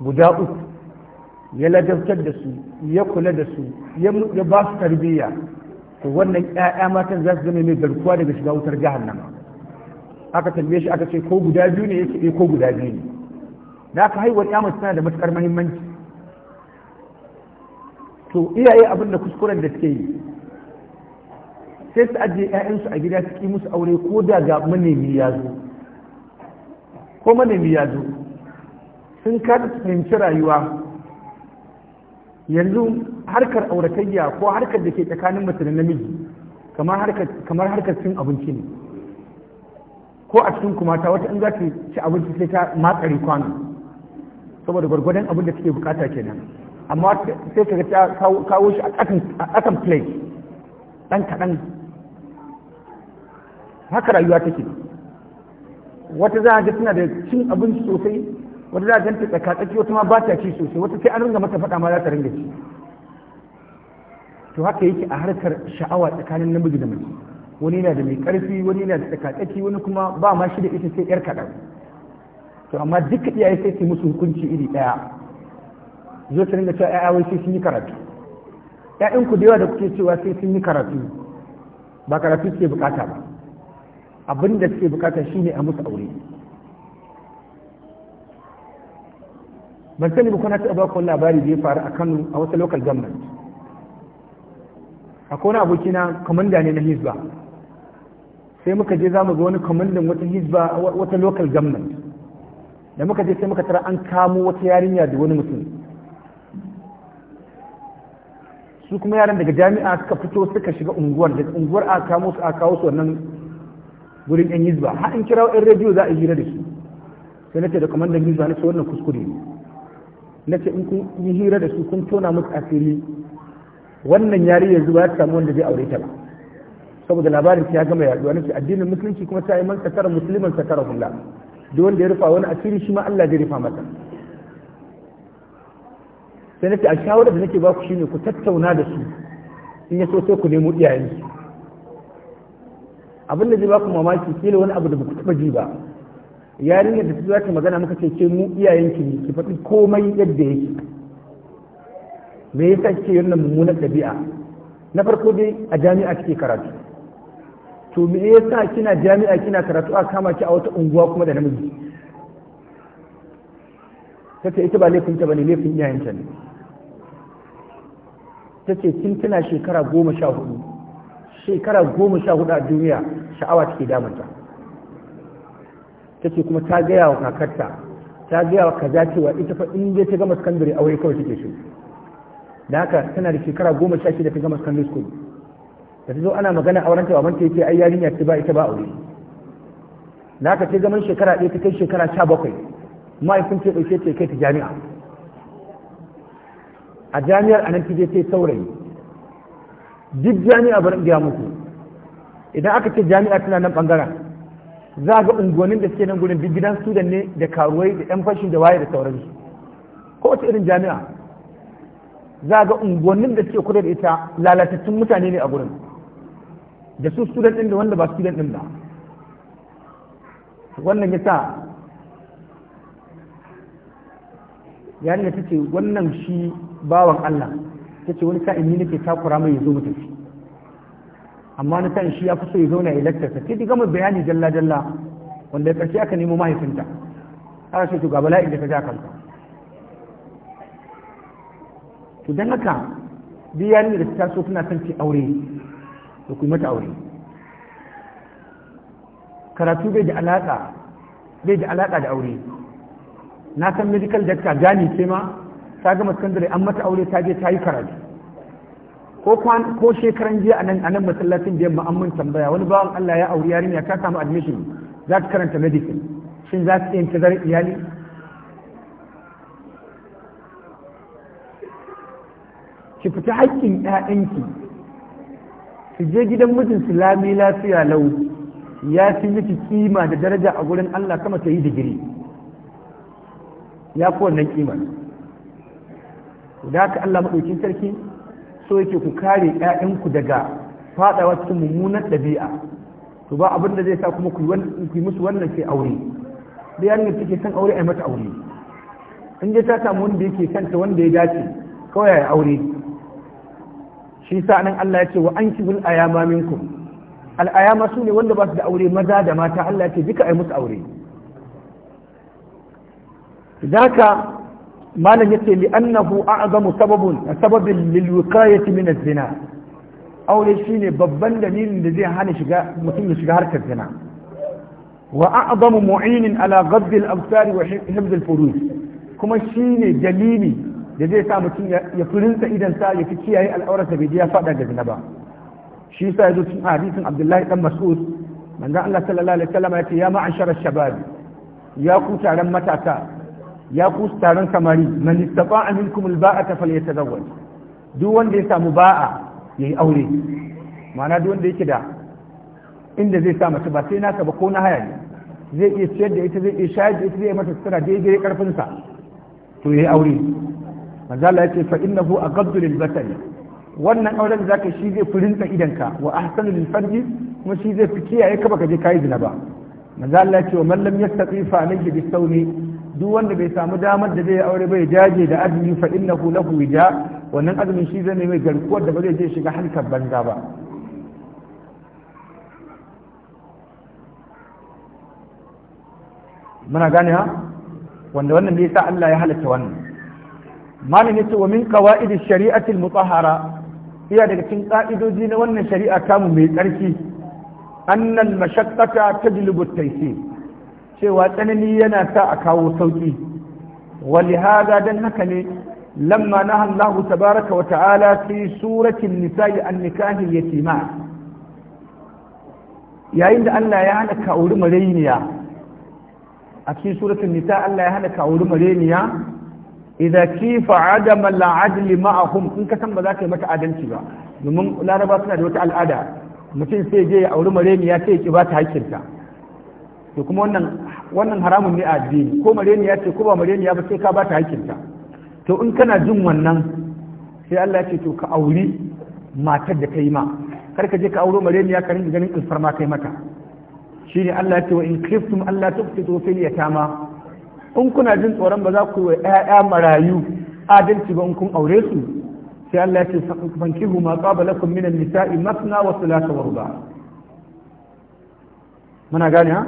guda uku ya ladabtar da su ya kula da su ya ba su tarbiyya to wannan ƴaƴa matan za su zama mai garkuwa daga shiga wutar jahannama aka tambaye shi aka ce ko guda biyu ne yake eh, ko guda biyu ne da aka haihuwar ya suna da matukar muhimmanci to iyaye abin da kuskuren da suke yi sai su ajiye 'ya'yansu a gida su musu aure ko da ga manemi ya zo ko manemi ya zo sun kada fahimci rayuwa yanzu harkar auratayya ko harkar da ke tsakanin mace da namiji kamar harkar cin abinci ne ko a cikin kumata wata in za ta ci abinci sai ta matsari kwano saboda gwargwadon abin da take bukata kenan amma sai ka ta kawo shi a ƙasan play ɗan kaɗan haka rayuwa take wata za a ga tana da cin abinci sosai wata za a ganta tsakatsaki wata ma ba ta ci sosai wata sai an ringa mata faɗa ma za ta ringa ci to haka yake a harkar sha'awa tsakanin namiji da mace wani yana da mai ƙarfi wani yana da tsakatsaki wani kuma ba ma shi da ita sai yar kaɗan to amma duka iyaye sai su musu hukunci iri daya zo ta ringa cewa ƴaƴa wai sai sun yi karatu ƴaƴan ku da da kuke cewa sai sun yi karatu ba karatu suke bukata ba abin da suke bukata shine a musu aure ban sani ba kuna ta ba labari da ya faru a Kano a wata local government akwai wani abokina komanda ne na Hizba sai muka je za mu ga wani kwamandan wata hizba wata local government da muka je sai muka tara an kamo wata yarinya da wani mutum su kuma yaran daga jami'a suka fito suka shiga unguwar da unguwar a kamo su a kawo su wannan gurin yan yizba har in kira yan rediyo za a hira da su sai nace da kwamandan yizba nace wannan kuskure ne nace in kun yi hira da su kun tona musu asiri wannan yari yanzu ba ya samu wanda zai aure ta ba saboda labarin ya gama yaduwa nace addinin musulunci kuma sai man satara musliman satara hullah duk wanda ya rufa wani asiri shi ma Allah zai rufa masa sai nake a shawarar da nake baku shine ku tattauna da su in ya so sai ku nemo iyayen abin da zai baku mamaki kila wani abu da baku taba ji ba yarinyar da za ta magana muka ce ce mu iyayen ki ne ki faɗi komai yadda yake me yasa kike yin nan mummunar ɗabi'a na farko dai a jami'a kike karatu to me yasa kina jami'a kina karatu a kama ki a wata unguwa kuma da namiji tace ita ba laifin ta bane laifin iyayenta ne tace kin tana shekara goma sha hudu shekara goma sha hudu a duniya sha'awa take damunta tace kuma ta gaya wa kakarta ta gaya wa kaza cewa ita fa in je ta gama sakandare aure kawai take shi da haka tana da shekara goma sha shida ta gama sakandare school da ta zo ana magana auren ta baban ta ce ai yarinya ce ba ita ba aure na ka ce zaman shekara ɗaya ta kai shekara sha bakwai mahaifin ce ɗauke ta kai ta jami'a a jami'ar a nan ta je ta saurayi duk jami'a bar biya muku idan aka ce jami'a tana nan ɓangaren, za ga unguwannin da suke nan gudun duk gidan da ne da karuwai da yan fashi da waye da sauransu ko wace irin jami'a za ga unguwannin da suke kudu da ita lalatattun mutane ne a gurin da su student ɗin da wanda ba student ɗin ba wannan ya sa yarinya ta ce wannan shi bawan Allah ta ce wani sa'in ni nake takura mai ya zo mu tafi amma na sa'in shi ya fi so ya zauna ya laktarsa sai gama bayani jalla jalla wanda ya aka nemo mahaifinta aka sai to ga bala'i da ta ja kanta to dan haka duk yarinya da ta so kuna son ci aure da kuma mata aure karatu bai da alaka bai da alaka da aure na san medical doctor gani ce ma ta gama sakandare an mata aure ta je ta yi karatu ko kwan ko shekaran jiya anan nan a masallacin da mu an mun tambaya wani bawan Allah ya aure yarinya ta samu admission za ta karanta medicine shin za ta yin iyali ki fita hakkin 'ya'yanki ku je gidan mijin silami lafiya lau ya fi miki kima da daraja a gurin Allah kama ta yi digiri ya fi wannan kima da haka Allah maɗaukin sarki so yake ku kare ƴaƴanku daga faɗawa cikin mummunan ɗabi'a to ba abin da zai sa kuma ku yi musu wannan sai aure da yarinyar take son aure a mata aure in je ta samu wanda yake kanta wanda ya dace kawai ya aure shi sa nan Allah ya ce wa ankibul ayama minkum al ayama su ne wanda ba su da aure maza da mata Allah ya ce duka ai musu aure zaka malam yace li annahu a'zamu sababun sababin lil wiqayati min az-zina aure shine babban dalilin da zai hana shiga mutum ya shiga harkar zina wa a'zamu mu'inin ala ghadd al-absar wa hifz al kuma shine dalili da zai sa mutum ya furinsa sa ya fi kiyaye al'aurarsa bai ya faɗa da zina ba shi yasa yazo cikin hadisin Abdullahi dan Mas'ud manzon Allah sallallahu alaihi wasallam ya ce ya ma'ashara shabab ya ku taron matasa ya ku taron samari man istata'a minkum alba'ata falyatazawwaj duk wanda ya samu ba'a yayi aure ma'ana duk wanda yake da inda zai samu mace ba sai naka ba ko na haya ne zai iya ciyar da ita zai iya shayar da ita zai mata sutura daidai karfin sa to yayi aure manzala ya ce fa hu aqaddu lil basari wannan auren da zaka shi zai furinta ka wa ahsanu lil farji kuma shi zai fi kiyaye ka baka je kai zina ba manzala ya ce wa man lam yastati fa alayhi bis sawmi duk wanda bai samu damar da zai aure bai jaje da azumi fa hu lahu wija wannan azumin shi zai mai garkuwar da ba zai je shiga halkar banza ba muna gane ha wanda wannan ne sa Allah ya halatta wannan mani nisa wa min kawa'idi shari'atil mutahara iya daga cikin ka'idoji na wannan shari'a tamu mai karfi annal mashaqqata tajlibu taysir cewa tsanani yana sa a kawo sauki wa li hada dan haka ne lamma na Allah tabaraka wa ta'ala fi suratin nisa'i an nikahi yatima yayin da Allah ya hana ka aure mareniya a cikin suratul nisa Allah ya hana ka aure mareniya idza kifa adam lima adl ma'ahum in ka san ba za ka yi mata adalci ba domin laraba suna da wata al'ada mutum sai je ya auri mareniya sai ya ki ba ta hakinta. to kuma wannan wannan haramun ne a addini ko mareniya ce ko ba mareniya ba sai ka ba ta hakinta. to in kana jin wannan sai Allah ya ce to ka auri matar da ka yi ma kar ka je ka auri mareniya ka rinka ganin alfarma kai mata shine Allah ya ce wa in kiftum Allah tuftu fil yatama in kuna jin tsoron ba za ku yi ya'ya marayu adalci ba in kun aure su sai Allah ya ce fankihu ma qaba lakum minan nisa'i masna wa thulatha wa ruba muna gane ha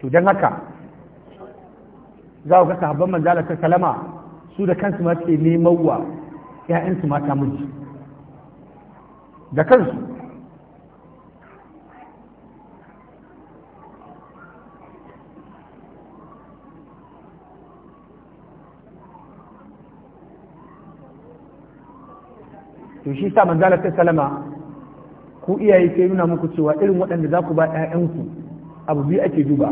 to dan haka za ku ga sahabban manzala ta kalama su da kansu ma ce neman wa yayansu mata miji da kansu to shi sa manzala ta salama ku iyaye sai nuna muku cewa irin waɗanda za ku ba ƴaƴanku abu biyu ake duba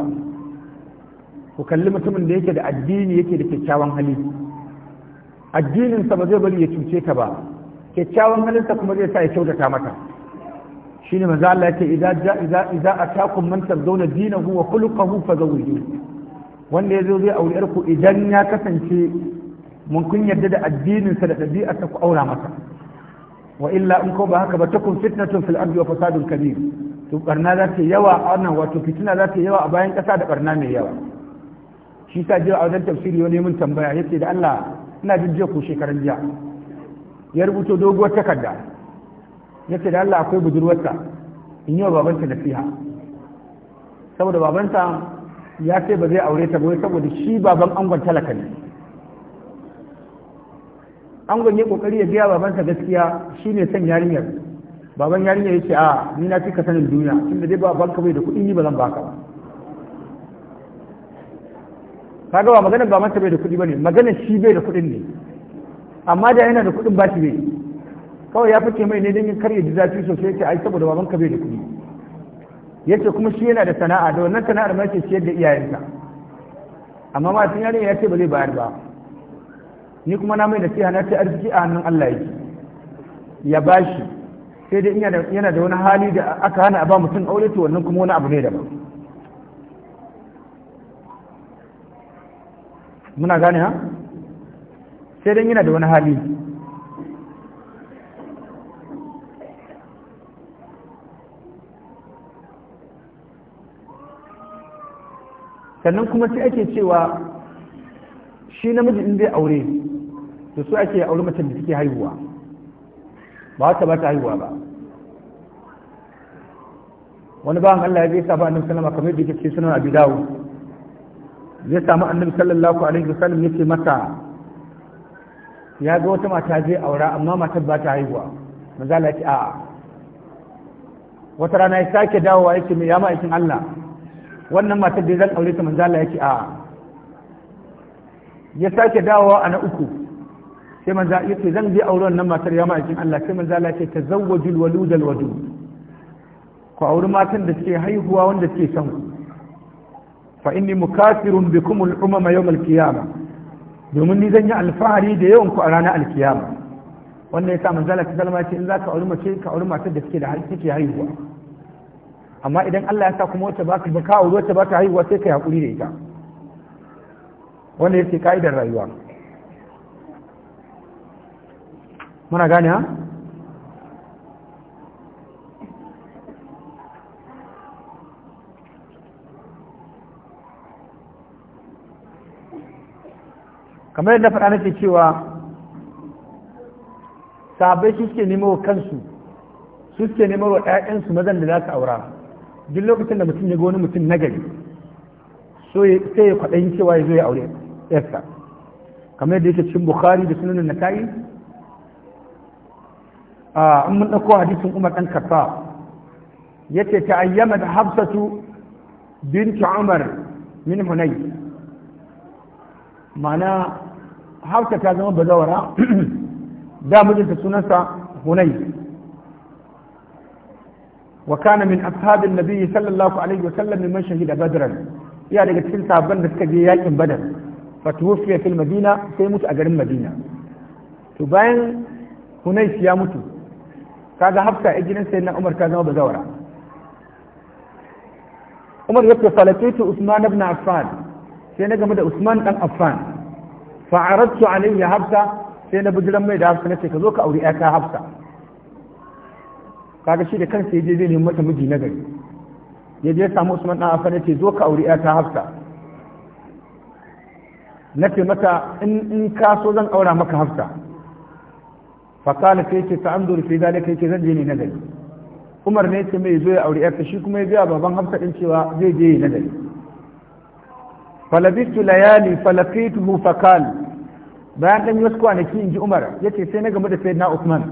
ku kalli mutumin da yake da addini yake da kyakkyawan hali addininsa ba zai bari ya cuce ta ba kyakkyawan halinsa kuma zai sa ya kyautata mata shi ne maza Allah yake idza idza idza atakum man tardawna dinahu wa khuluquhu fazawiju wanda zo zai aure yarku idan ya kasance mun kun yarda da addinin sa da dabi'arsa ku aura masa wa illa in ko ba haka ba takun fitnatun fil ardi wa fasadun kabir to barna za ta yawa a wannan wato fitina za ta yawa a bayan kasa da barna mai yawa shi sa jiya a wajen tafsiri wani mun tambaya yace da Allah ina jin ku shekaran jiya ya rubuto doguwar takarda yace da Allah akwai budurwarta in yi wa babanta nasiha saboda babanta ya ce ba zai aure ta ba saboda shi baban angon talaka ne an gwanye kokari ya biya babansa gaskiya shine san yarinyar baban yarinyar yace a ni na cika sanin duniya tunda dai baban ka bai da kuɗi ni ba zan baka ba kaga ba maganar bai da kuɗi bane maganar shi bai da kuɗin ne amma da yana da kuɗin ba shi bai kawai ya fice mai ne don yin karye da zafi sosai yace ai saboda baban ka bai da kuɗi yace kuma shi yana da sana'a da wannan sana'ar ma yake ciyar da iyayensa amma ma tun yarinyar ya ce ba zai bayar ba ni kuma na mai siya na ce arziki a hannun Allah yake ya bashi sai dai yana da wani hali da aka hana a ba mutum aure to wannan kuma wani abu ne daban muna gane ha sai dai yana da wani hali sannan kuma sai ake cewa shi namiji in zai aure to su ake aure macen da take haihuwa ba wata ba ta haihuwa ba wani ba Allah ya zai samu annabi sallama kamar da yake sunan abi dawo zai samu annabi sallallahu alaihi wasallam ce masa ya ga wata mata zai aura amma matar ba ta haihuwa manzo Allah ya a wata rana ya sake dawowa yake mai yama aikin Allah wannan matar da zan aure ta manzo Allah ya a ya sake dawowa a na uku sai manza ya ce zan bi auren nan matar ya ma'aikin Allah sai manza Allah ce tazawwajul waludal wadu ku auri matan da suke haihuwa wanda suke son ku fa inni mukafirun bikum al umama yawm al qiyamah domin ni zan yi alfahari da yawan ku a ranar alkiyama wannan yasa sa Allah sallama ce in ka auri mace ka auri matar da suke da suke haihuwa amma idan Allah ya sa kuma wacce baka ka auri wacce ta haihuwa sai ka yi hakuri da ita wanda yake ka'idar rayuwa muna gane ha kamar yadda faɗa nake cewa sabai su suke nemo kansu su suke nemo wa ɗayansu mazan da za su aura duk lokacin da mutum ya ga wani mutum nagari sai ya kwaɗayin cewa ya zo ya aure ɗarsa kamar yadda yake cikin bukari da sunan na tayi a an mun ɗauko hadisin umar ɗan karfa ya ce ta ayyama da hafsatu bintu umar min hunai mana hafsa ta zama bazawara da mijinta sunansa hunai wa kana min ashabin nabiyyi sallallahu alaihi wa sallam min man shahida badran iya daga cikin sahabban da suka je yakin badar fatuwufiya fil madina sai mutu a garin madina to bayan hunais ya mutu kaga hafsa a gidan nan umar ta zama bazawara umar ya ce falatitu usman ibn affan sai na game da usman dan affan fa aradtu alayhi hafsa sai na bujiran mai da hafsa nace ka zo ka aure ƴata hafsa kaga shi da kansa yaje zai nemi mata miji na gari yaje ya samu usman dan affan yace zo ka aure ta hafsa na ce mata in ka so zan aura maka hafsa fakala sai ce ta an zuri fi zalika yake zan je ne na gari umar ne ce mai zo ya aure yarta shi kuma ya biya baban hafsa din cewa zai je na gari falabitu layali mu fakal bayan dan wasu kwanaki in ji umar Ya ce sai na gamu da sayyidina usman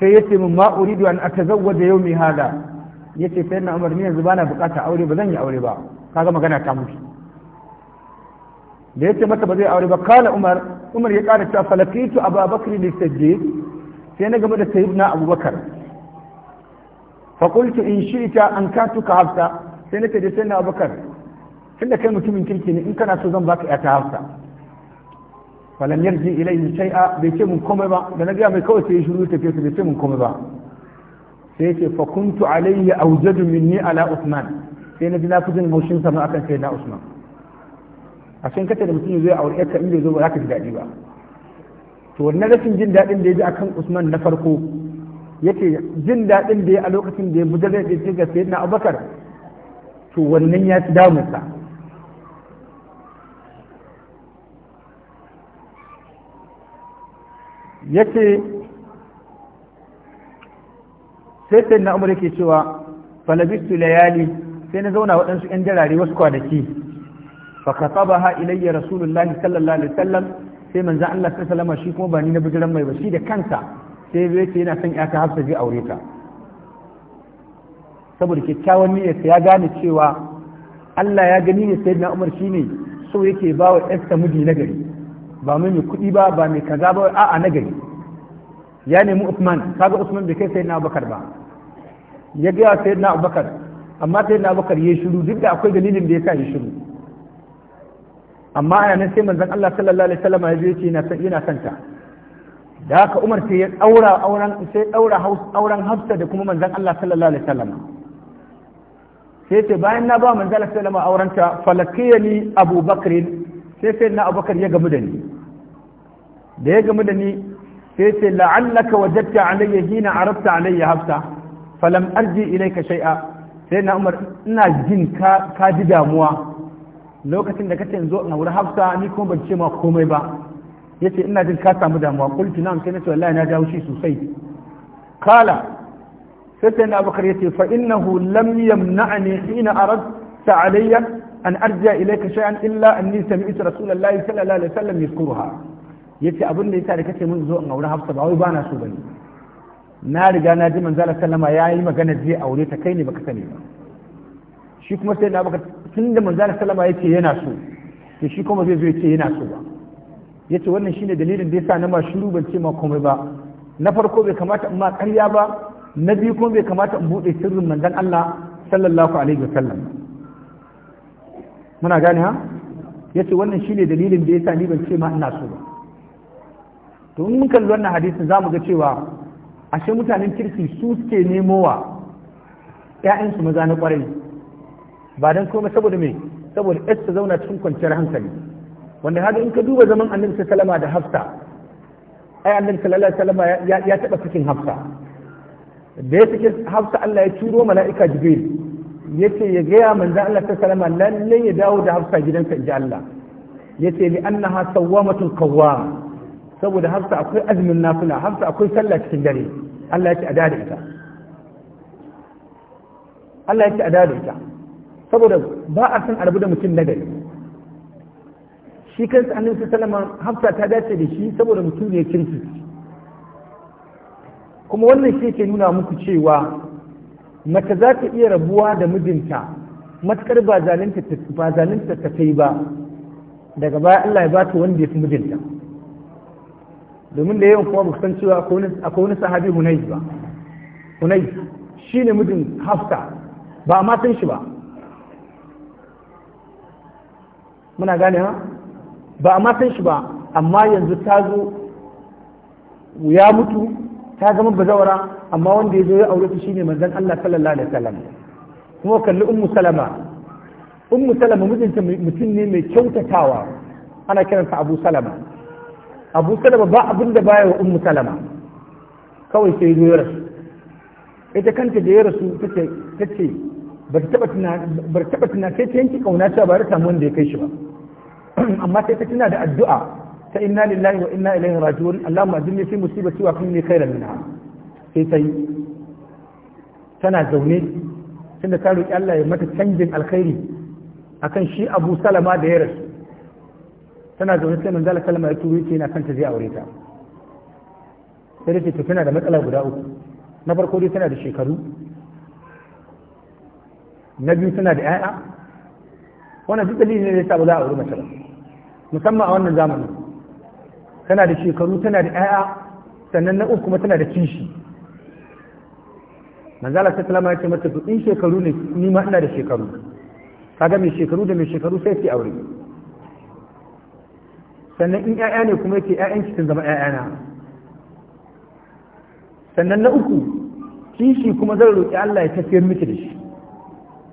sai ce min ma uridu an atazawwaja yawmi hada ce sayyidina umar ne yanzu bana bukata aure ba zan yi aure ba kaga magana ta mutu da yace mata ba zai aure ba kala umar umar ya kana ta falakitu Abubakar li sajjid sai na gaba da sayyidina abubakar fa qultu in shi'ta an katuka hafsa sai na ce da sayyidina abubakar tunda kai mutumin kirki ne in kana so zan baka ya ta hafsa Falan yarji ilayhi shay'a bai ce mun komai ba da na ga mai kawai sai shiru tafiye bai ce mun komai ba sai yace fa kuntu alayya awjadu minni ala usman sai na ji na fi jin maushin sama akan sayyidina usman a san kata da mutum zai aure yarka inda zai zo ba za ka ji daɗi ba to wannan rashin jin daɗin da ya ji akan usman na farko ce jin daɗin da ya a lokacin da ya mujallar da ya ga sayyidina abubakar to wannan ya ci damunsa yace sai sai na umar yake cewa falabistu layali sai na zauna waɗansu 'yan jarare wasu kwanaki fa katabaha ilayya rasulullahi sallallahu alaihi wasallam sai manzo Allah sallallahu alaihi shi kuma ba ni na bijiran mai ba shi da kansa sai bai ce yana son yata hafsa zai aure ta saboda kyakkyawan niyyarsa ya gane cewa Allah ya gani ne sayyidina Umar shine so yake ba wa ƴarsa miji na gari ba mai kuɗi ba ba mai kaza ba a'a na gari ya nemi Usman kaga Usman bai kai sayyidina Abubakar ba ya ga sayyidina Abubakar amma sayyidina Abubakar ya shiru duk da akwai dalilin da yasa ya shiru amma a yanar sai manzon Allah sallallahu alaihi wasallam ya je na yana ina santa da haka Umar sai ya daura auren sai daura auren Hafsa da kuma manzon Allah sallallahu alaihi wasallam sai ce bayan na ba manzon Allah sallallahu alaihi wasallam auren ta falakiyani Abu Bakr sai sai na Abu Bakr ya gamu da ni da ya gamu da ni sai ce la'allaka wajadta alayya hina arabta alayya Hafsa falam arji ilayka shay'a sai na Umar ina jin ka ka ji damuwa lokacin da kace zo in aure hafsa ni kuma ban ce ma komai ba yace ina jin ka samu damuwa qultu na'am sai nace wallahi na dawo haushi sosai kala sai sai na abakar yace fa innahu lam yamna'ni hina aradta alayya an arja ilayka shay'an illa anni sami'tu rasulullahi sallallahu alaihi wasallam yadhkuruha yace abin da yasa da kace mun zo in aure hafsa ba wai bana so bane na riga na ji manzala sallama yayi magana je aure ta kai ne baka sani ba shi kuma sai na baka tun da manzana salama ya ce yana so to shi kuma zai zo ya ce yana so ba ya ce wannan shine dalilin da ya sa na ma shiru ban ce ma komai ba na farko bai kamata in ma karya ba na biyu kuma bai kamata in buɗe sirrin manzan Allah sallallahu alaihi wasallam muna gane ha ya ce wannan shine dalilin da ya sa ni ban ce ma ina so ba to in mun kalli wannan hadisin za mu ga cewa ashe mutanen kirki su suke nemowa 'ya'yansu maza na kwarai ba don kuma saboda me saboda ta zauna cikin kwanciyar hankali wanda haka in ka duba zaman annabi Salama da hafsa ai annabi sallallahu alaihi ya ya taba cikin hafsa da ya cikin hafsa Allah ya turo mala'ika jibril yace ya gaya manzon Allah sallallahu alaihi lalle ya dawo da hafsa gidansa inji Allah yace li annaha mutum qawwam saboda hafsa akwai azumin nafila hafsa akwai sallah cikin dare Allah ya ce a dade ita Allah ya ita saboda ba a san arbu da mutum na gari shi kansa annabi sallama hafsa ta dace da shi saboda mutum ya kirki kuma wannan shi ke nuna muku cewa mace za ta iya rabuwa da mijinta matukar ba zalunta ba ta kai ba daga baya Allah ya ba ta wanda ya fi mijinta domin da yawan kuma san cewa akwai wani sahabi hunayz ba shi shine mijin hafsa ba a matan shi ba muna gane ha ba a matan shi ba amma yanzu ta zo ya mutu ta zama bazawara amma wanda ya zo ya aure ta ne manzon Allah sallallahu alaihi wasallam kuma kalli ummu salama ummu salama mijinta mutum ne mai kyautatawa ana kiransa abu salama abu salama ba abin da baya wa ummu salama kawai sai zo ya rasu ita kanta da ya rasu ta ce ba ta taba tuna sai ta yanki kauna ta ba ta samu wanda ya kai shi ba amma sai ta tuna da addu'a ta inna lillahi wa inna ilaihi raji'un Allahumma ajirni fi musibati wa qini khairan minha sai sai tana zaune tunda ta roki Allah ya mata canjin alkhairi akan shi Abu Salama da ya rasu tana zaune sai manzala kalma ya turo yake yana kanta zai aure ta sai dai ta tuna da matsala guda uku na farko dai tana da shekaru na biyu tana da 'ya'ya wannan duk dalilin ne da ya sa ba za a aure mace ba musamman a wannan zamanin tana da shekaru tana da 'ya'ya sannan na uku kuma tana da kishi manzala ta salama ya ce mata to in shekaru ne ni ma ina da shekaru kaga mai shekaru da mai shekaru sai su aure sannan in 'ya'ya ne kuma yake 'ya'yan ki sun zama na. sannan na uku kishi kuma zan roƙi Allah ya tafiyar miki da shi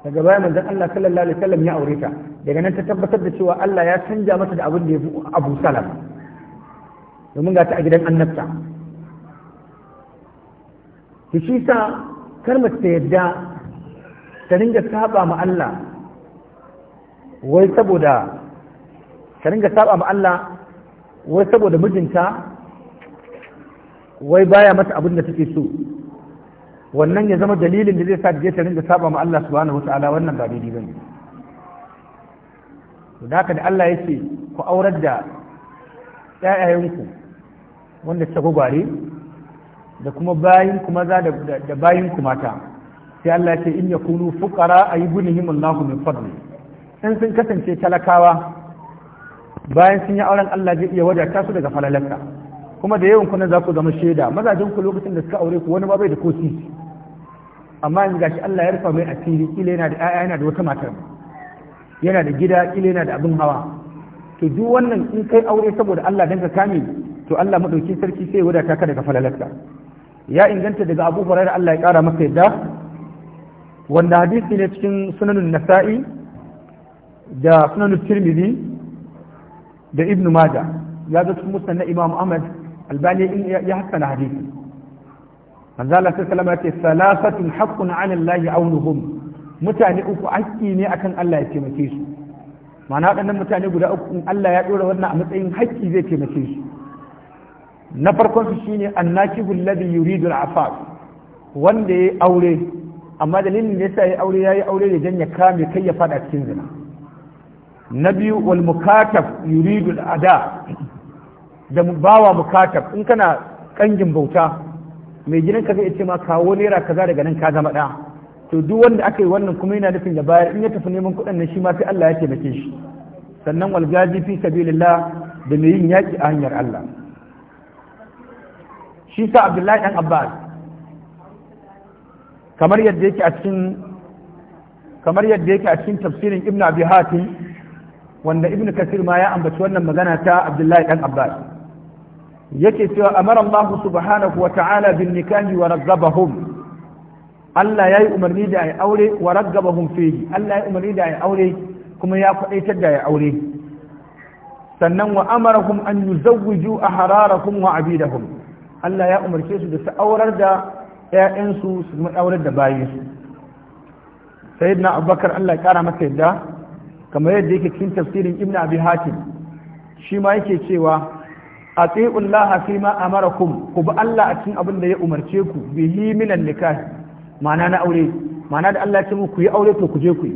daga baya manzon Allah sallallahu alaihi wasallam ya aure ta daga nan ta tabbatar da cewa Allah ya canja mata da abin da ya fi Abu Salama domin ga ta a gidan annabta ki shi sa kalmar ta yadda ta ringa saba ma Allah wai saboda ta ringa saba ma Allah wai saboda mijinta wai baya mata abin da take so wannan ya zama dalilin da zai sa da ta ringa saba ma Allah subhanahu wata'ala wannan ba daidai bane to da haka da Allah ce ku aurar da ƴaƴayenku wanda ta gwagware da kuma bayin ku maza da bayin ku mata sai Allah ya ce in yakunu fuqara ayyubunihim Allahu min fadli in sun kasance talakawa bayan sun yi auren Allah zai iya wadata su daga falalarsa kuma da yawan kuna za ku zama shaida mazajen ku lokacin da suka aure ku wani ba bai da kosi amma yanzu gashi Allah ya rufa mai asiri kila yana da ƴaƴa yana da wata matar yana da gida kila yana da abin hawa to duk wannan in kai aure saboda Allah danka kame to Allah madaukin sarki sai wadata ka daga falalarka ya inganta daga Abu Hurairah Allah ya kara masa yadda wanda hadisi ne cikin sunanun Nasa'i da sunanun Tirmidhi da ibnu Majah ya zo cikin musnad Imam Ahmad Albani ya hassana hadisi manzala sai salama ce salasatun haqqun 'ala Allah aunuhum mutane uku haƙƙi ne akan Allah ya taimake su ma'ana waɗannan mutane guda uku in Allah ya ɗora wannan a matsayin hakki zai taimake su na farkon su shine annakibul ladhi yuridu al-afaf wanda ya aure amma dalilin da yasa yayi aure yayi aure da dan ya kame kai ya fada cikin zina na biyu wal mukatab yuridu al-ada da bawa mukatab in kana kangin bauta mai gidan ka zai ce ma kawo naira kaza daga nan ka zama ɗa to duk wanda aka yi wannan kuma yana nufin ya bayar in ya tafi neman kuɗin nan shi ma sai Allah ya taimake shi sannan walgaji fi sabilillah da mai yin yaƙi a hanyar Allah shi sa Abdullahi dan Abbas kamar yadda yake a cikin kamar yadda yake a cikin tafsirin Ibn Abi Hatim wanda Ibn Kathir ma ya ambaci wannan magana ta Abdullahi dan Abbas yake cewa amara Allah subhanahu wata'ala bin nikahi wa raggabahum Allah yayi umarni da ai aure wa raggabahum fihi Allah yayi umarni da ai aure kuma ya kwadaitar da ai aure sannan wa amarahum an yuzawwiju ahrarakum wa abidahum Allah ya umarce su da su aurar da ƴaƴansu su kuma aurar da bayinsu sayyidina Abubakar Allah ya kara masa yadda kamar yadda yake cikin tafsirin Ibn Abi Hatim shi ma yake cewa ati'u Allah fi ma amarakum ku bi Allah a cikin abin da ya umarce ku bihi minan nikah ma'ana na aure ma'ana da Allah ya ce mu ku yi aure to ku je ku yi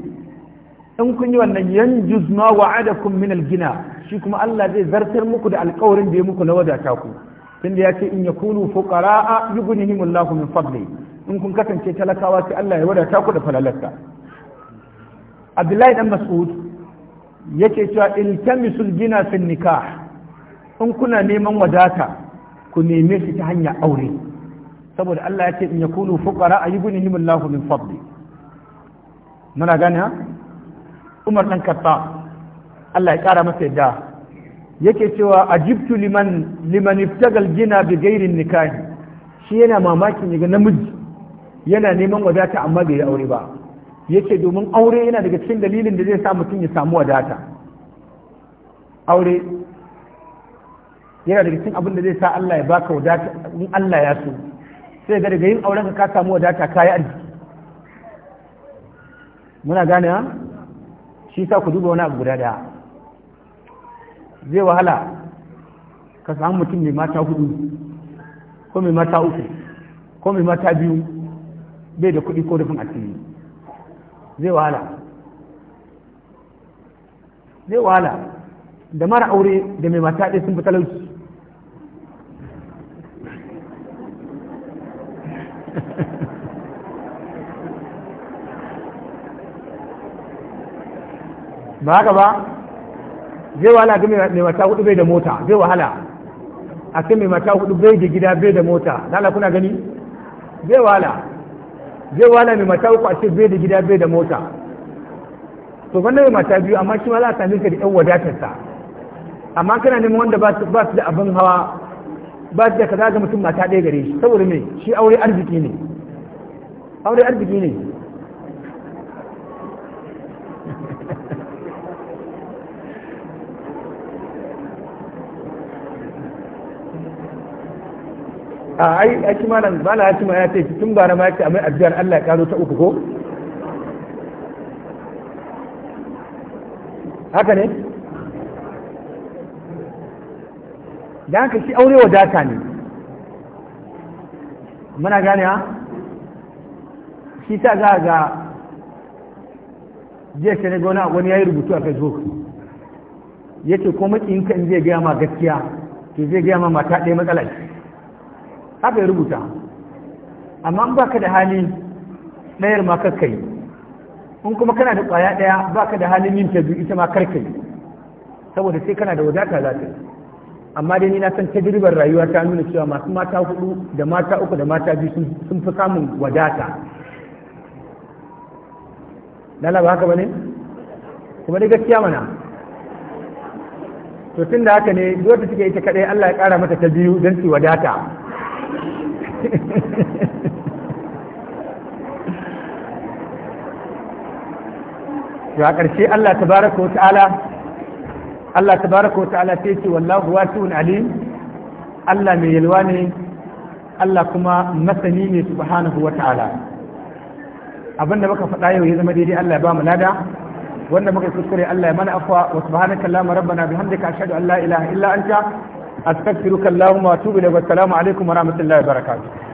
in kun yi wannan yanjuz ma wa'adakum min al-gina shi kuma Allah zai zartar muku da alƙawarin da ya muku na wadata ku tunda ya ce in yakunu fuqara'a yughnihim Allah min fadli in kun kasance talakawa sai Allah ya wadata ku da falalarsa Abdullahi dan Mas'ud yake cewa iltamisul gina fi nikah in kuna neman wadata ku neme shi ta hanyar aure saboda Allah ya ce in yakunu fuqara ayyubunihim Allahu min fadli muna gane ha Umar dan Katta Allah ya kara masa yadda yake cewa ajibtu liman liman ibtagal gina bi ghairi nikah shi yana mamakin yaga namiji yana neman wadata amma bai yi aure ba yake domin aure yana daga cikin dalilin da zai sa mutum ya samu wadata aure yana daga cikin abin da zai sa Allah ya baka wadata in Allah ya so sai ga daga yin auren ka samu wadata kayi arziki muna gane ha shi sa ku duba wani abu guda daya zai wahala ka samu mutum mai mata hudu ko mai mata uku ko mai mata biyu bai da kuɗi ko rufin asiri zai wahala zai wahala da mara aure da mai mata ɗaya sun fi talauci ba haka ba zai wahala ga mai mata hudu bai da mota zai wahala a kan mai mata hudu bai da gida bai da mota lala kuna gani zai wahala zai wahala mai mata uku a ce bai da gida bai da mota to wanda mai mata biyu amma shi ma za a sami ka da yan wadatarsa amma kana neman wanda ba su da abin hawa ba da ka zaga mutum mata ɗaya gare shi saboda me shi aure arziki ne aure arziki ne a ai a shi malam bala ya ma ya ce tun bara ma ya ce a mai addu'ar Allah ya karo ta uku ko haka ne da haka shi aure wadata ne muna gane ha shi ta za ga jiya ne na wani ya yi rubutu a facebook ya ce ko makinka in zai gaya ma gaskiya to zai gaya ma mata ɗaya matsalar haka ya rubuta amma in baka da hali ɗayar ma kakkai in kuma kana da ƙwaya ɗaya baka da halin yin ta biyu ita ma karkai saboda sai kana da wadata za ta yi amma dai ni na san tajribar rayuwa ta nuna cewa masu mata hudu da mata uku da mata biyu sun fi samun wadata lala ba haka bane kuma dai gaskiya mana to tun da haka ne dole take ita kadai Allah ya kara mata ta biyu don su wadata to a ƙarshe Allah tabaraka wa ta'ala Allah tabaraka wa ta'ala sai ce wallahu wasi'un alim Allah mai yalwa ne Allah kuma masani ne subhanahu wa ta'ala abinda muka faɗa yau ya zama daidai Allah ya ba mu lada wanda muka kuskure Allah ya mana afwa wa subhanaka allahumma rabbana bihamdika ashhadu an la ilaha illa anta astaghfiruka allahumma wa atubu ilayk wa assalamu alaikum wa rahmatullahi wa barakatuh